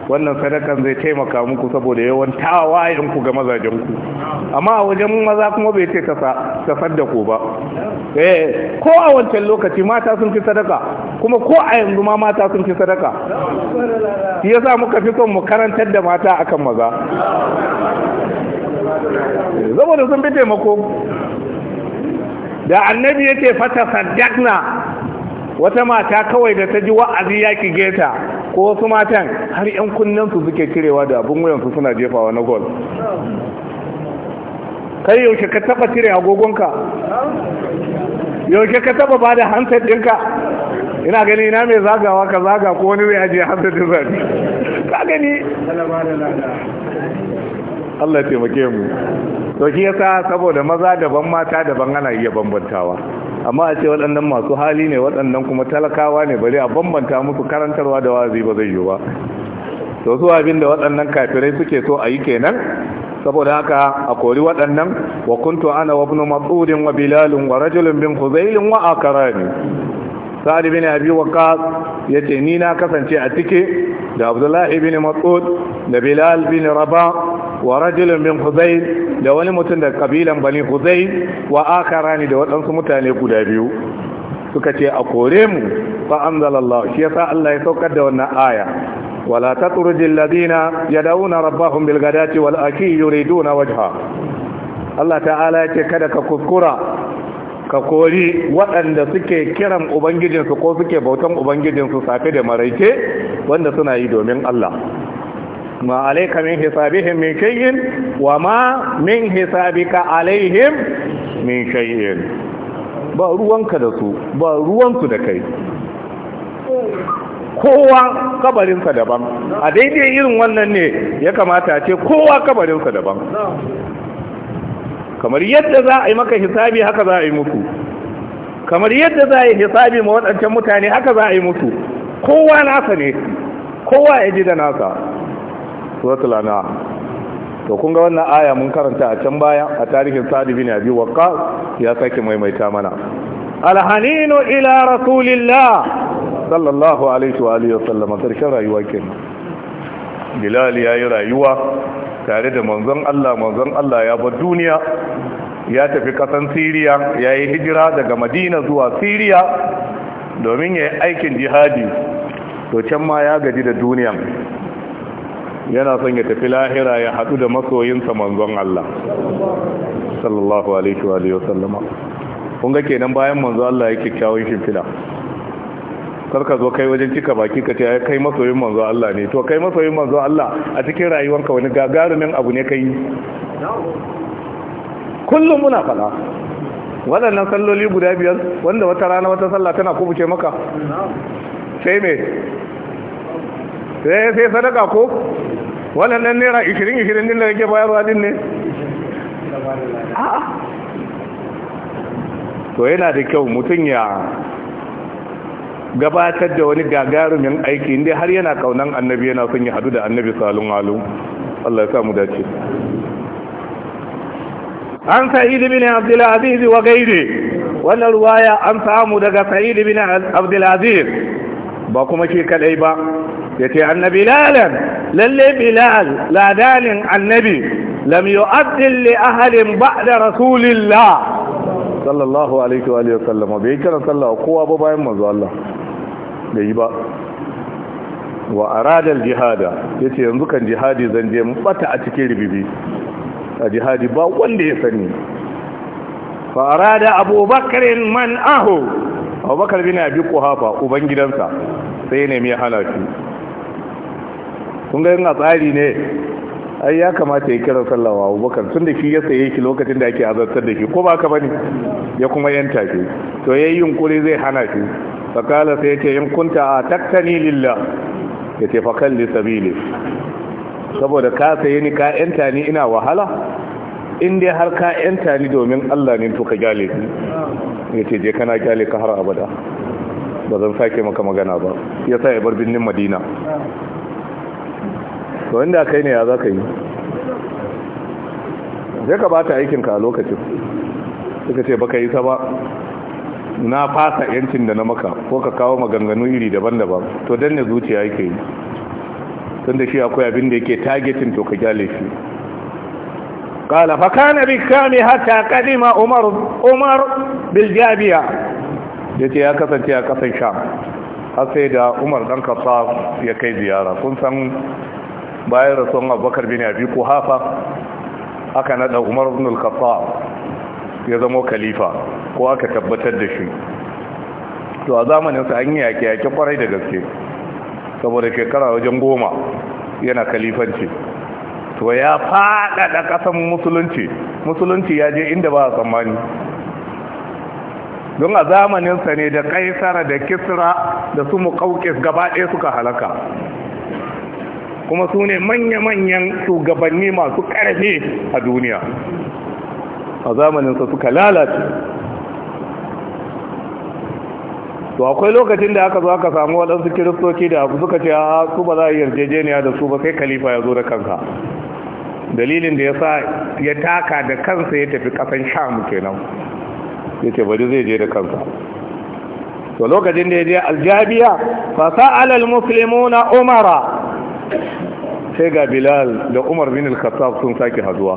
wannan sadakan zai taimaka muku saboda yawan tawayen ku ga mazajen ku amma a wajen maza kuma bai ce tafaddako ba eh, ko a wancan lokaci mata sun fi sadaka kuma ko a yanzu ma mata sun fi sadaka shi yasa muka fi son mu karantar da mata akan maza saboda sun fi taimako da annabi yake fata sadakna wata mata kawai da ta ji wa'azi ya ki geta ko wasu matan har yan kunnen su suke cirewa da abin su suna jefawa na gol kai yaushe ka taba cire agogonka yaushe ka taba bada da ɗinka ina gani ina mai zagawa ka zaga ko wani zai ajiye hasa da zari ka gani Allah taimake mu to shi yasa saboda maza daban mata daban ana iya bambantawa amma a ce waɗannan masu hali ne waɗannan kuma talakawa ne bari a bambanta musu karantarwa da wazi ba zai yi ba to su abin da waɗannan kafirai suke so a yi kenan saboda haka a kori waɗannan wa kuntu ana wa ibn mas'udin wa bilalun wa rajulun bin khuzailin wa akrani sa'ad bin abi waqas ce ni na kasance a cike da abdullahi bin mas'ud da bilal bin Raba wa rajulun bin Huzai da wani mutum da kabilan bani Huzai wa ne da waɗansu mutane guda biyu suka ce a kore mu fa anzalallahu shi yasa Allah ya saukar da wannan aya wala ya ladina na rabbahum bil ghadati wal ashi na wajha Allah ta'ala ce kada ka kuskura ka kori waɗanda suke kiran ubangijinsu ko suke bautan ubangijinsu safe da maraice wanda suna yi domin Allah ma alaika min hisabihim min shay'in wa ma min hisabika alaihim min shay'in ba ruwanka da su ba ruwansu da kai kowa kabarinsa daban a daidai irin wannan ne ya kamata ce kowa kabarinsa daban kamar yadda za a yi maka hisabi haka za a yi mutu, kamar yadda za a yi hisabi ma waɗancan mutane haka za a yi mutu, kowa nasa ne kowa ya ji da nasa suratul anam to kun ga wannan aya mun karanta a can baya a tarihin Sadi bin abi waqqas ya sake maimaita mana alhaninu ila rasulillah sallallahu alaihi wa alihi wa sallam karshen rayuwa kenan bilal yayi rayuwa tare da manzon Allah manzon Allah ya bar duniya ya tafi kasan Siriya ya yi hijira daga Madina zuwa Siriya domin ya yi aikin jihadi to can ma ya gaji da duniya yana son ya tafi lahira ya haɗu da masoyinsa manzon Allah sallallahu alaihi wa sallama kun ga kenan bayan manzon Allah ya kikkiawun shimfila karka zo kai wajen cika baki ka ce ya kai masoyin manzo Allah ne to kai masoyin manzo Allah a cikin rayuwarka wani gagarumin abu ne kai kullum muna fada waɗannan salloli guda biyar wanda wata rana wata sallah tana kubuce maka sai me sai sai sadaka ko waɗannan naira 20 20 din da yake bayarwa din ne to yana da kyau mutum ya gabatar da wani gagarumin aiki inda har yana kaunan annabi yana son ya hadu da annabi salun alu Allah ya samu dace an sa'id bin abdul aziz wa gairi wannan ruwaya an samu daga sa'id bin abdul aziz ba kuma shi kadai ba yace annabi lalan lalle bilal ladanin annabi lam yu'addil li ahadin ba'da rasulillah sallallahu alaihi wa sallam bai kira sallah kowa ba bayan manzo Allah da yi ba wa aradal jihada yace yanzu kan jihadi zan je bata a cikin ribibi a jihadi ba wanda ya sani fa arada abubakar man ahu abubakar bin abi quhafa uban gidansa sai ne mai hana shi kun ga yin tsari ne ai ya kamata ya kira sallah wa abubakar tun da shi ya saye shi lokacin da ake azartar da shi ko ba ka bane ya kuma yanta shi to yayi yunkuri zai hana shi fakala sai yace in kunta ataktani lillah yace fa kalli sabili saboda ka sai ni ka yanta ni ina wahala in dai har ka yanta ni domin Allah ne to ka gyale ni yace je kana gyale ka har abada ba zan sake maka magana ba yasa ya bar binnin Madina to wanda kai ne ya za ka yi sai ka bata aikinka a lokacin suka ce baka yi ta ba na fasa yancin da na maka ko ka kawo maganganu iri daban-daban to dan ne zuciya yake yi tun da shi akwai abin da yake targetin to ka gyale shi kala fa kana bi kami haka kadima umar umar bil jabiya ya kasance a kasan sham har sai da umar ɗan kasa ya kai ziyara kun san bayan rasuwan abubakar bin abi kuhafa aka nada umar ibn al-khattab ya zama khalifa ko aka tabbatar da shi to a zamanin sa an yi yaki yaki kwarai da gaske saboda shekara wajen goma yana khalifanci to ya faɗaɗa ƙasan musulunci musulunci ya je inda ba a tsammani don a zamaninsa ne da kaisara da kisra da su muƙauƙis gaba ɗaya suka halaka kuma su ne manya-manyan shugabanni masu ƙarfi a duniya a zamaninsa suka lalace to akwai lokacin da aka zo aka samu waɗansu kiristoci da abu suka ce a su ba za a yarjejeniya da su ba sai khalifa ya zo da kanka. dalilin da ya sa ya taka da kansa ya tafi ƙasan muke kenan ya ce bari zai je da kansa to lokacin da ya je aljabiya fa alal muslimuna umara sai ga bilal da umar bin al-khattab sun sake haduwa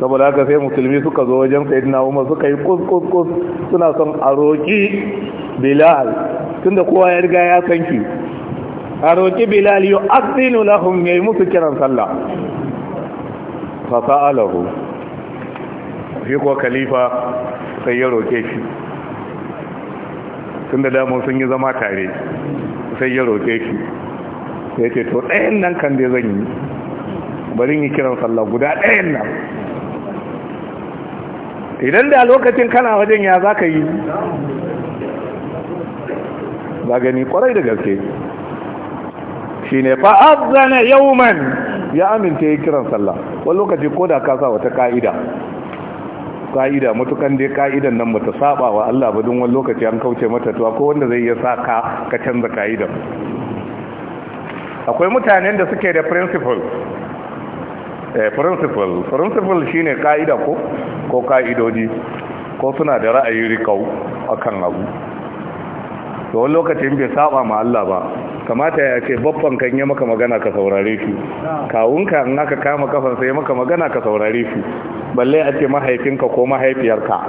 saboda haka sai musulmi suka zo wajen sayyidina umar suka yi kuskus suna son a roƙi bilal tunda kowa ya riga ya san ki a roƙi bilal yau azinu lahum ya yi musu kiran sallah fasa alahu shi kuwa khalifa sai ya roƙe shi tunda damar sun yi zama tare sai ya roƙe shi ya ce to ɗayan nan kan dai zan yi bari yi kiran sallah guda ɗayan nan idan da lokacin kana wajen ya za ka yi za gani kwarai da gaske shi ne fa'azana man ya amince ya kiran sallah wani lokaci ko da ka sa wata ka'ida ka'ida matukan dai ka'idan nan mata saba wa Allah ba don wani lokaci an kauce mata ko wanda zai iya sa ka ka canza ka'idan akwai mutanen da suke da principle eh principle principle shine ka'ida ko ko kaidoji ko suna da ra'ayi rikau akan abu to wani lokacin bai saba ma Allah ba kamata ya ce babban kan yi maka magana ka saurare shi kawunka in aka kama kafansa ya maka magana ka saurare shi balle a ce mahaifinka ko mahaifiyarka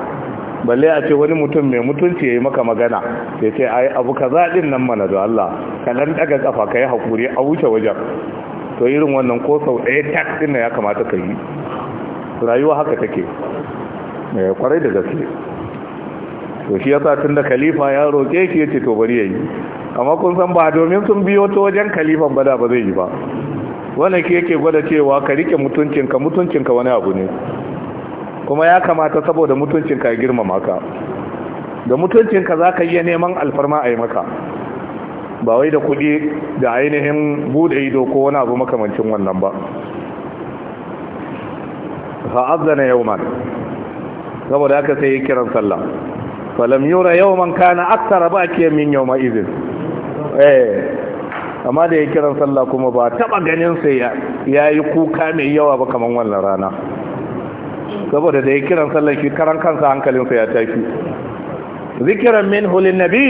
balle a ce wani mutum mai mutunci ya yi maka magana ya ce ai abu ka zaɗin nan mana da Allah ka dan daga kafa yi hakuri a wuce wajen to irin wannan ko sau ɗaya tak din ya kamata ka yi rayuwa haka take mai eh, kwarai da gaske to shi sa tun da khalifa ya roƙe shi ce to bari ya yi? amma kun san ba domin sun biyo ta wajen khalifan bada ba zai yi ba wannan ke yake gwada cewa ka rike mutuncinka mutuncinka wani abu ne kuma ya kamata saboda mutuncinka ya girmama ka da mutuncinka za ka iya neman alfarma a yi maka ba wai da kuɗi da ainihin bude ido ko wani abu makamancin wannan ba fa'azzana yawman saboda haka sai ya kiran sallah falam yura yawman kana aksara ba ke min yawma izin eh amma da ya kiran sallah kuma ba taba ganin sai ya yi kuka mai yawa ba kaman wannan rana saboda da ya kiran sallar shi karan kansa hankalinsa ya tashi zikiran min hulin nabi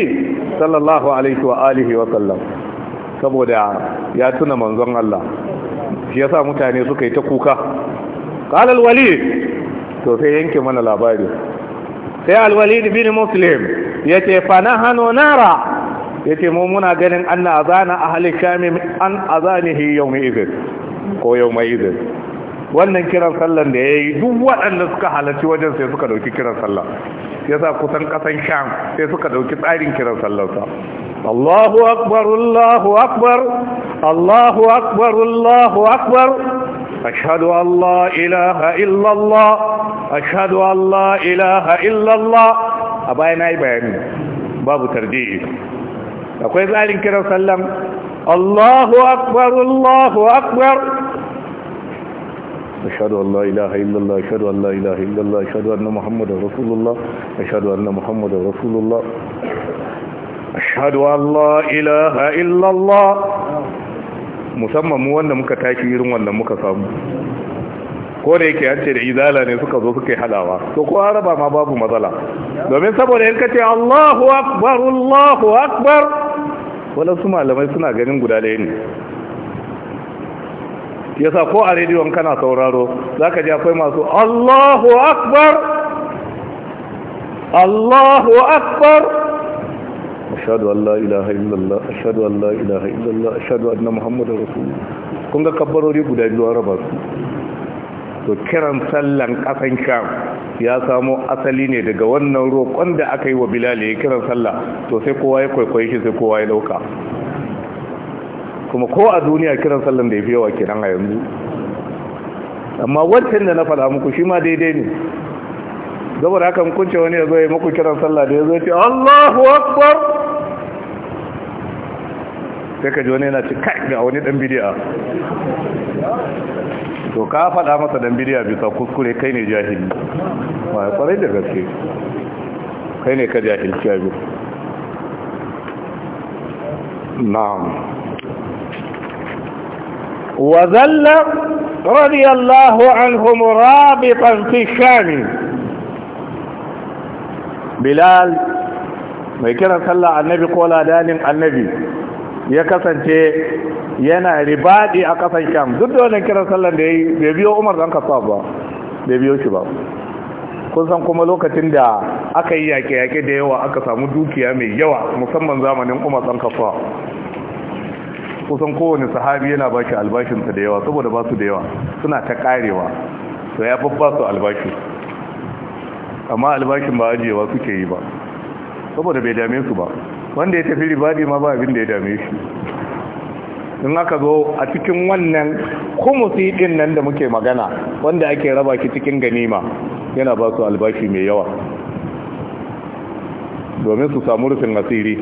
sallallahu alaihi wa alihi wa sallam saboda ya tuna manzon Allah shi yasa mutane suka yi ta kuka qala al-walid to sai yanke mana labari sai al-walid bin muslim yace fa nahanu nara yace mu muna ganin anna azana ahli sham an azanihi yawmi idh ko yawma idh wannan kiran sallan da ya yi duk waɗanda suka halarci wajen sai suka ɗauki kiran sallah ya sa kusan ƙasan sham sai suka ɗauki tsarin kiran sallansa Allahu akbar Allahu akbar Allahu akbar Allahu akbar ashhadu an la ilaha illa Allah ashhadu an la ilaha illa Allah a bayan nayi bayani babu tarji'i akwai tsarin kiran sallan Allahu akbar Allahu akbar أشهد أن لا إله إلا الله أشهد أن لا إله إلا الله أشهد أن محمد رسول الله أشهد أن محمد رسول الله أشهد أن لا إله إلا الله musamman mu wanda muka tashi irin wannan muka samu ko da yake an ce da izala ne suka zo suka yi halawa to ko haraba ma babu matsala domin saboda in kace ce Allahu akbar Allahu akbar su malamai suna ganin guda ɗaya ne yasa ko a rediyon kana sauraro za ka ji akwai masu allahu akbar allahu akbar ashadu Allah ilaha illallah ashadu Allah ilaha illallah ashadu anna muhammadu rasulullah kun ga kabbarori guda biyu an raba su to kiran sallan kasan sham ya samo asali ne daga wannan roƙon da aka yi wa bilali ya kiran sallah to sai kowa ya kwaikwaye shi sai kowa ya ɗauka. kuma ko a duniya kiran sallan da ya fi yawa kenan a yanzu amma wancan da na faɗa muku shi ma daidai ne saboda haka kunce wani ya zo ya muku kiran sallah da ya zo ce Allahu Akbar sai ka ji wani yana ci kai ga wani dan bidiya to ka faɗa masa dan bidiya bisa kuskure kai ne jahili ba kwarai da gaske kai ne ka jahilci abin na'am وظل رضي الله عنه مرابطا في الشام بلال mai kiran sallah annabi ko ladanin annabi ya kasance yana ribadi a kasan sham duk da wannan kiran sallah da yayi bai biyo Umar dan Khattab ba bai biyo shi ba kun san kuma lokacin da aka yi yake yake da yawa aka samu dukiya mai yawa musamman zamanin Umar dan Khattab kusan kowane sahabi yana ba shi albashinsa da yawa saboda ba su da yawa suna ta karewa to ya babba su albashi amma albashin ba ajiyewa suke yi ba saboda bai dame su ba wanda ya tafi ribadi ma ba abin da ya dame shi in aka zo a cikin wannan kumusi din nan da muke magana wanda ake raba ki cikin ganima yana ba su albashi mai yawa domin su samu rufin asiri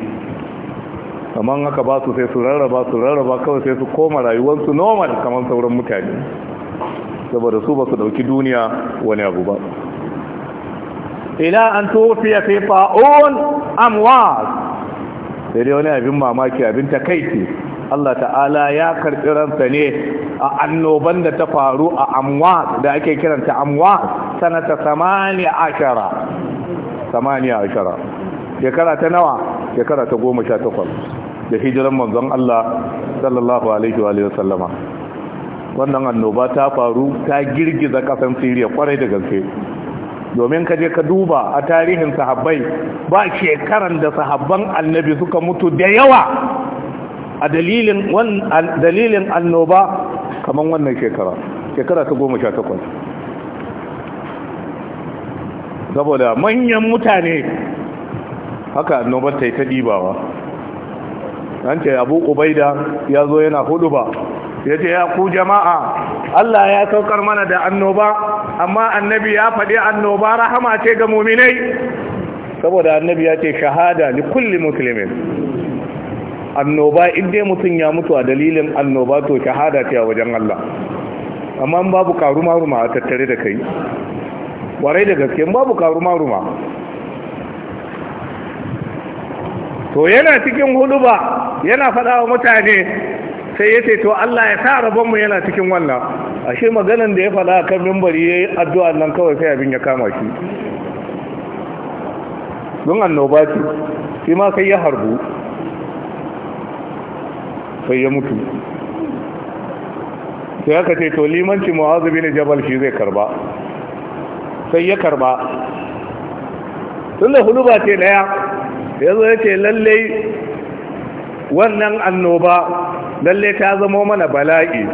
amma haka ba su sai su rarraba su rarraba kawai sai su koma rayuwarsu normal kamar sauran mutane saboda su ba su dauki duniya wani abu ba ila an tofiya fi fa'un amwas sai dai wani abin mamaki abin takaici Allah ta'ala ya karɓi ransa ne a annoban da ta faru a amwas da ake kiranta amwas sanata samaniya ashara samaniya ashara shekara ta nawa shekara ta goma sha takwas da hijiran manzon Allah sallallahu alaihi wa sallama wannan annoba ta faru ta girgiza kasan Siriya kwarai da gaske domin kaje ka duba a tarihin sahabbai ba shekaran da sahabban annabi suka mutu da yawa a dalilin dalilin annoba kaman wannan shekara shekara ta 18 saboda manyan mutane haka annobar ta yi ta dibawa an ce abu ubaida ya zo yana hudu ba ya ce ya ku jama'a Allah ya saukar mana da annoba amma annabi ya faɗi annoba rahama ce ga muminai saboda annabi ya ce shahada li kulli muslimin annoba in dai mutum ya mutu a dalilin annoba to shahada ce a wajen Allah amma babu karuma ruma a tattare da kai warai da gaske babu karuma ruma to yana cikin huluba, yana faɗa wa mutane sai ya ce to Allah ya sa rabonmu yana cikin wannan ashe maganan da ya faɗa kan mimbari ya yi addu'an nan kawai sai abin ya kama shi don annoba ce shi ma sai ya harbu sai ya mutu sai aka ce to limanci muhazu bin jabal shi zai karba sai ya karba tun da ce daya da ya zo ya ce lallai wannan annoba lallai ta zama mana bala'i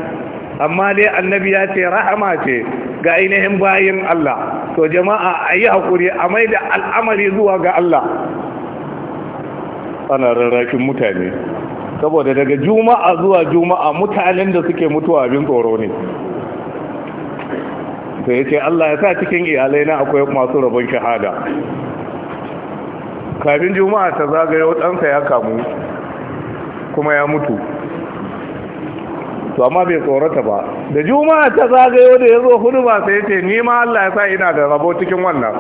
amma dai annabi ya ce rahama ce ga ainihin bayin Allah to jama'a a yi haƙuri a mai da al'amari zuwa ga Allah ana rarrakin mutane saboda daga juma'a zuwa juma'a mutanen da suke mutuwa abin tsoro ne sai ya ce Allah ya sa cikin iyalai na akwai masu rabon shahada kafin juma'a ta zagayo ɗansa ya kamu kuma ya mutu to amma bai tsorata ba da juma'a ta zagayo da ya zo hudu ba sai ce ni ma Allah ya sa ina da rabo cikin wannan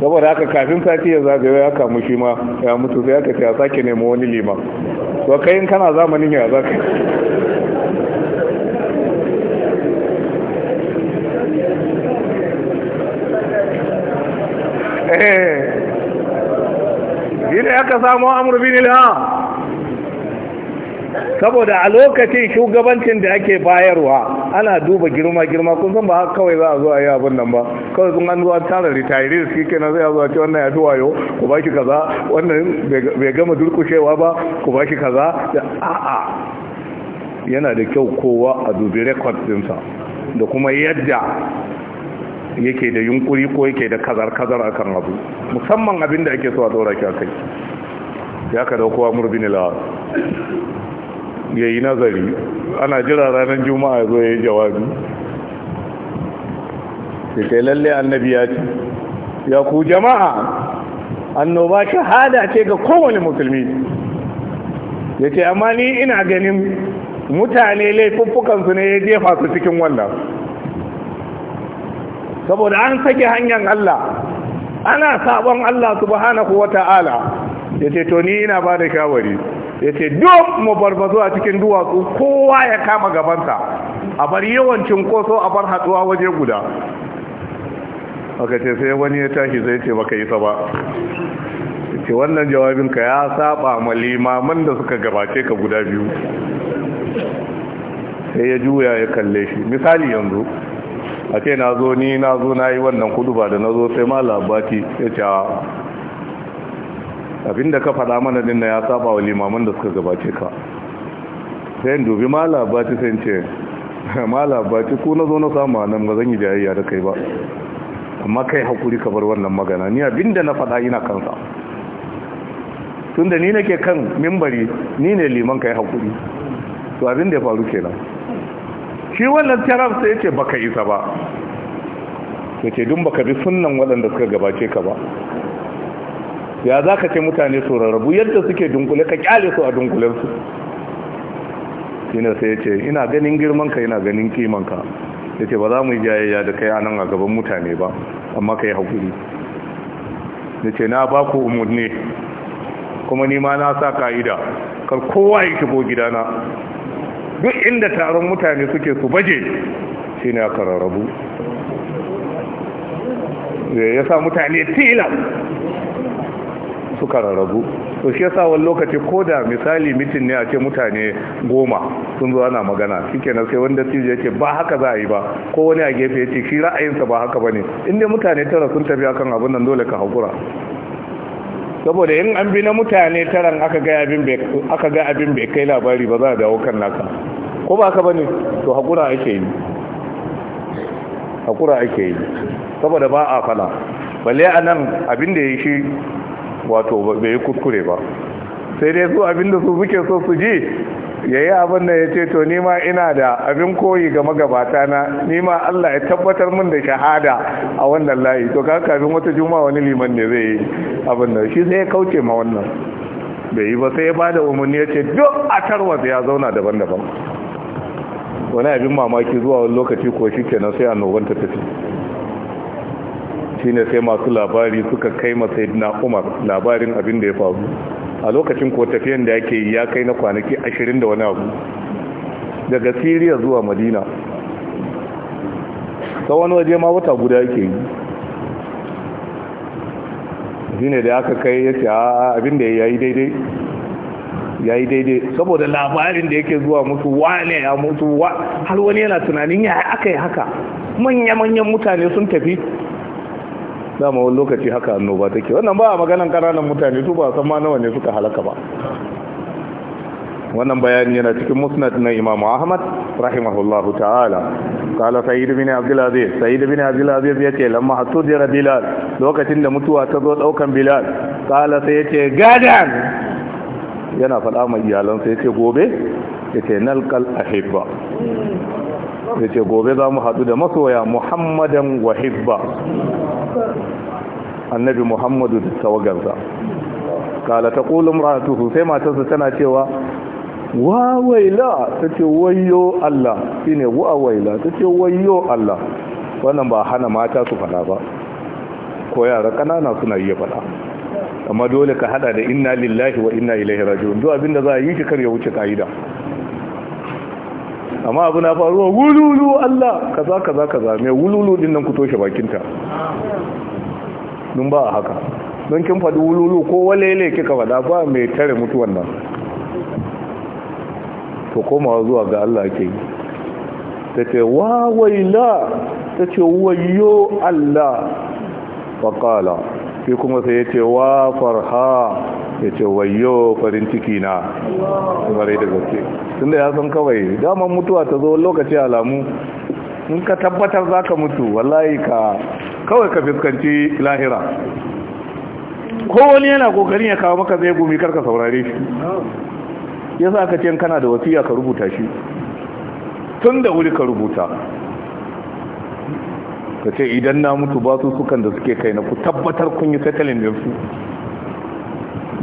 saboda haka kafin sati ya zagayo ya kamu shi ma ya mutu sai aka ce a sake nemo wani liman to kai in kana zamanin ya zaka eh aka samu amur bin ilha saboda a lokacin shugabancin da ake bayarwa ana duba girma-girma kun san ba haka kawai za a zo yi abin nan ba kawai sun an zuwa tara ritayiri da suke na zai zuwa ce wannan ya duwa yau, ku ba shi kaza wannan bai gama durkushewa ba ku ba shi kaza da a'a yana da kyau kowa a dubi rekod dinsa da kuma yadda yake da yunkuri ko yake da kazar-kazar akan abu musamman abin da ake so a dora a kai ya ka dauko amur bin lawa? ya yi nazari ana jira ranar juma'a zo ya yi jawabi Ya kai lalle annabi ya ce ya ku jama'a annoba hada ce ga kowane musulmi ya ce amma ni ina ganin mutane laifuffukansu ne ya jefa su cikin wannan saboda an sake hanyar Allah ana sabon Allah subhanahu wa ta'ala ya ce to ni ina ba da shawari ya ce duk mu barbazo a cikin duwatsu kowa ya kama gabansa a bar yawancin koso a bar hatsuwa waje guda aka sai wani ya tashi zai ce baka isa ba ce wannan jawabinka ya saba ma limaman da suka gabace ka guda biyu sai ya juya ya kalle shi misali yanzu a ce na ni na na yi wannan kudu ba da na zo sai ma labati ya ce abinda ka faɗa mana din na ya saba wa limaman da suka gabace ka sai dubi ma ba sai ce ma ba ku na zo na samu nan ba zan yi jayayya da kai ba amma kai hakuri ka bar wannan magana ni abinda na faɗa ina kansa tunda ni nake kan mimbari ni ne liman kai hakuri to abin da ya faru kenan shi wannan taraf sai yace baka isa ba yace dun baka bi sunnan waɗanda suka gabace ka ba ya za ka ce mutane su rarrabu yadda suke dunkule ka kyale su a dunkulensu shine sai ya ce ina ganin girmanka ina ganin kimanka ya ce ba za mu yi jayayya da kai anan a gaban mutane ba amma ka yi haƙuri ya ce na ba ku umarni kuma nima na sa ka'ida kar kowa ya shigo gidana duk inda taron mutane suke su baje shi ne aka rarrabu ya sa mutane tilas suka rarrabu to shi yasa wani lokaci ko da misali mitin ne a ce mutane goma sun zo ana magana shikenan sai wanda tijo ya ce ba haka za a yi ba ko wani a gefe ya ce shi ra'ayinsa ba haka bane in dai mutane tara sun tafi akan abin nan dole ka hakura saboda in an bi na mutane taran aka ga abin bai aka ga abin bai kai labari ba za a dawo kan naka ko ba haka bane to hakura ake yi hakura ake yi saboda ba a fala balle a nan abin da ya shi wato bai yi kuskure ba sai dai su abinda su suke so su ji ya yi abin da ya ce to nima ina da abin koyi ga magabata na nima Allah ya tabbatar min da shahada a wannan layi to kaka kafin wata juma wani liman ne zai yi abin da shi sai ya kauce ma wannan bai yi ba sai ya ba da umarni ya ce duk a tarwata ya zauna daban-daban wani abin mamaki zuwa wani lokaci ko shi kenan sai annoban ta tafi ne sai masu labari suka kai masai na umar labarin abin da ya faru a lokacin ko tafiyan da yake ya kai na kwanaki ashirin da wani abu daga siriya zuwa madina tsawon waje ma wata guda yake yi ne da aka kai ya ce abin da ya yi daidai ya yi daidai saboda labarin da yake zuwa mutu wane ya mutu wa har wani yana tunanin ya aka yi haka manya-manyan mutane sun tafi dama wani lokaci haka annoba take wannan ba a maganan kananan mutane su ba san ma nawa ne suka halaka ba wannan bayani yana cikin musnad na Imam Ahmad rahimahullahu ta'ala kala Sayyid bin Abdul Aziz Sayyid bin Abdul Aziz yace lamma hatujira Bilal lokacin da mutuwa ta zo daukan Bilal kala sai yace gadan yana faɗa ma iyalan sai yace gobe yace nalqal ahibba yace gobe za mu haɗu da masoya Muhammadan wa hibba annabi muhammadu da tawagarsa kala ta kulun ratuhu sai matarsa tana cewa wa waila ta ce wayo Allah shi ne wa waila ta ce wayo Allah wannan ba hana mata su fada ba ko yara ƙanana suna iya fada amma dole ka hada da inna lillahi wa inna ilaihi raji'un duk abinda za a yi shi kar ya wuce ka'ida amma abu na faruwa wululu Allah kaza kaza kaza mai wululu din nan ku toshe bakinta dun ba haka don kin faɗi wululu ko walele kika fada ba mai tare mutuwan nan to koma zuwa ga Allah ke yi ta ce wa waila ta ce wayo Allah faƙala sai kuma sai ya ce wa farha ya ce wayo farin ciki na farai da gaske tunda ya san kawai daman mutuwa ta zo lokaci alamu in ka tabbatar za ka mutu wallahi ka kawai ka fuskanci lahira ko wani yana kokarin ya kawo maka zai gumi karka saurare shi ya sa ka ce kana da wasiya ka rubuta shi tun da wuri ka rubuta ka ce idan na mutu ba su sukan da suke kai na ku tabbatar kun yi tattalin su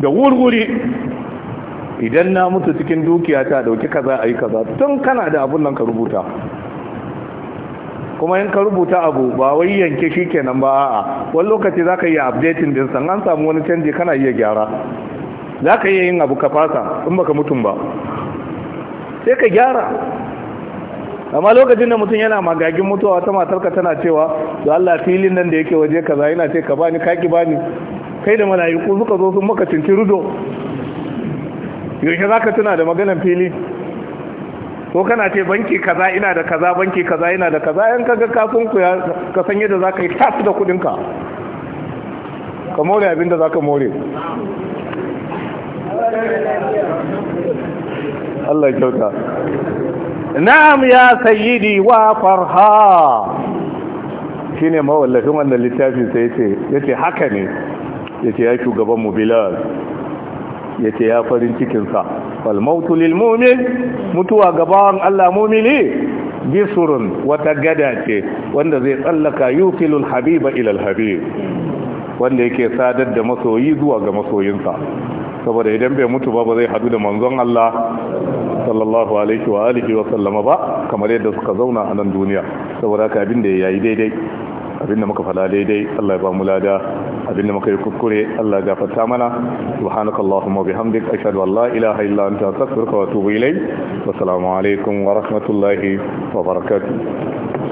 da wurwuri idan na mutu cikin dukiya ta dauki kaza yi kaza tun kana da abun nan ka rubuta kuma in ka rubuta abu ba wai yanke shikenan ba a'a wani lokaci za ka yi updating din san an samu wani canji kana iya gyara Za ka iya yin abu ka fasa in baka mutum ba sai ka gyara amma lokacin da mutum yana magagin mutuwa ta matarka tana cewa da Allah filin nan da yake waje kaza yana ce ka bani kaki bani kai da mala'iku suka zo sun maka cinci rudo yaushe za ka tuna da maganan fili ko kana ce banki kaza ina da kaza banki kaza ina da kaza yan kaga kafin ku ka san yadda za ka yi tasu da kudinka ka more abin da za ka more Allah kyauta na'am ya sayyidi wa farha shine mawallafin wannan littafin sai yace yace haka ne ya ce ya shugaban mu bilal ya ce ya farin cikinsa falmautu lilmumin mutuwa gabawan allah mumini bisurun wata gada ce wanda zai tsallaka yufilul habiba ilal habib wanda yake sadar da masoyi zuwa ga masoyinsa saboda idan bai mutu ba ba zai hadu da manzon Allah sallallahu alaihi wa alihi wa sallama ba kamar yadda suka zauna a nan duniya saboda ka abin da yayi daidai abinda muka fada daidai Allah ya ba mu lada abinda muka yi kuskure Allah ya gafarta mana subhanakallahumma bihamdik ashhadu an la ilaha illa anta astaghfiruka wa atubu ilayk wa assalamu alaikum wa rahmatullahi wa barakatuh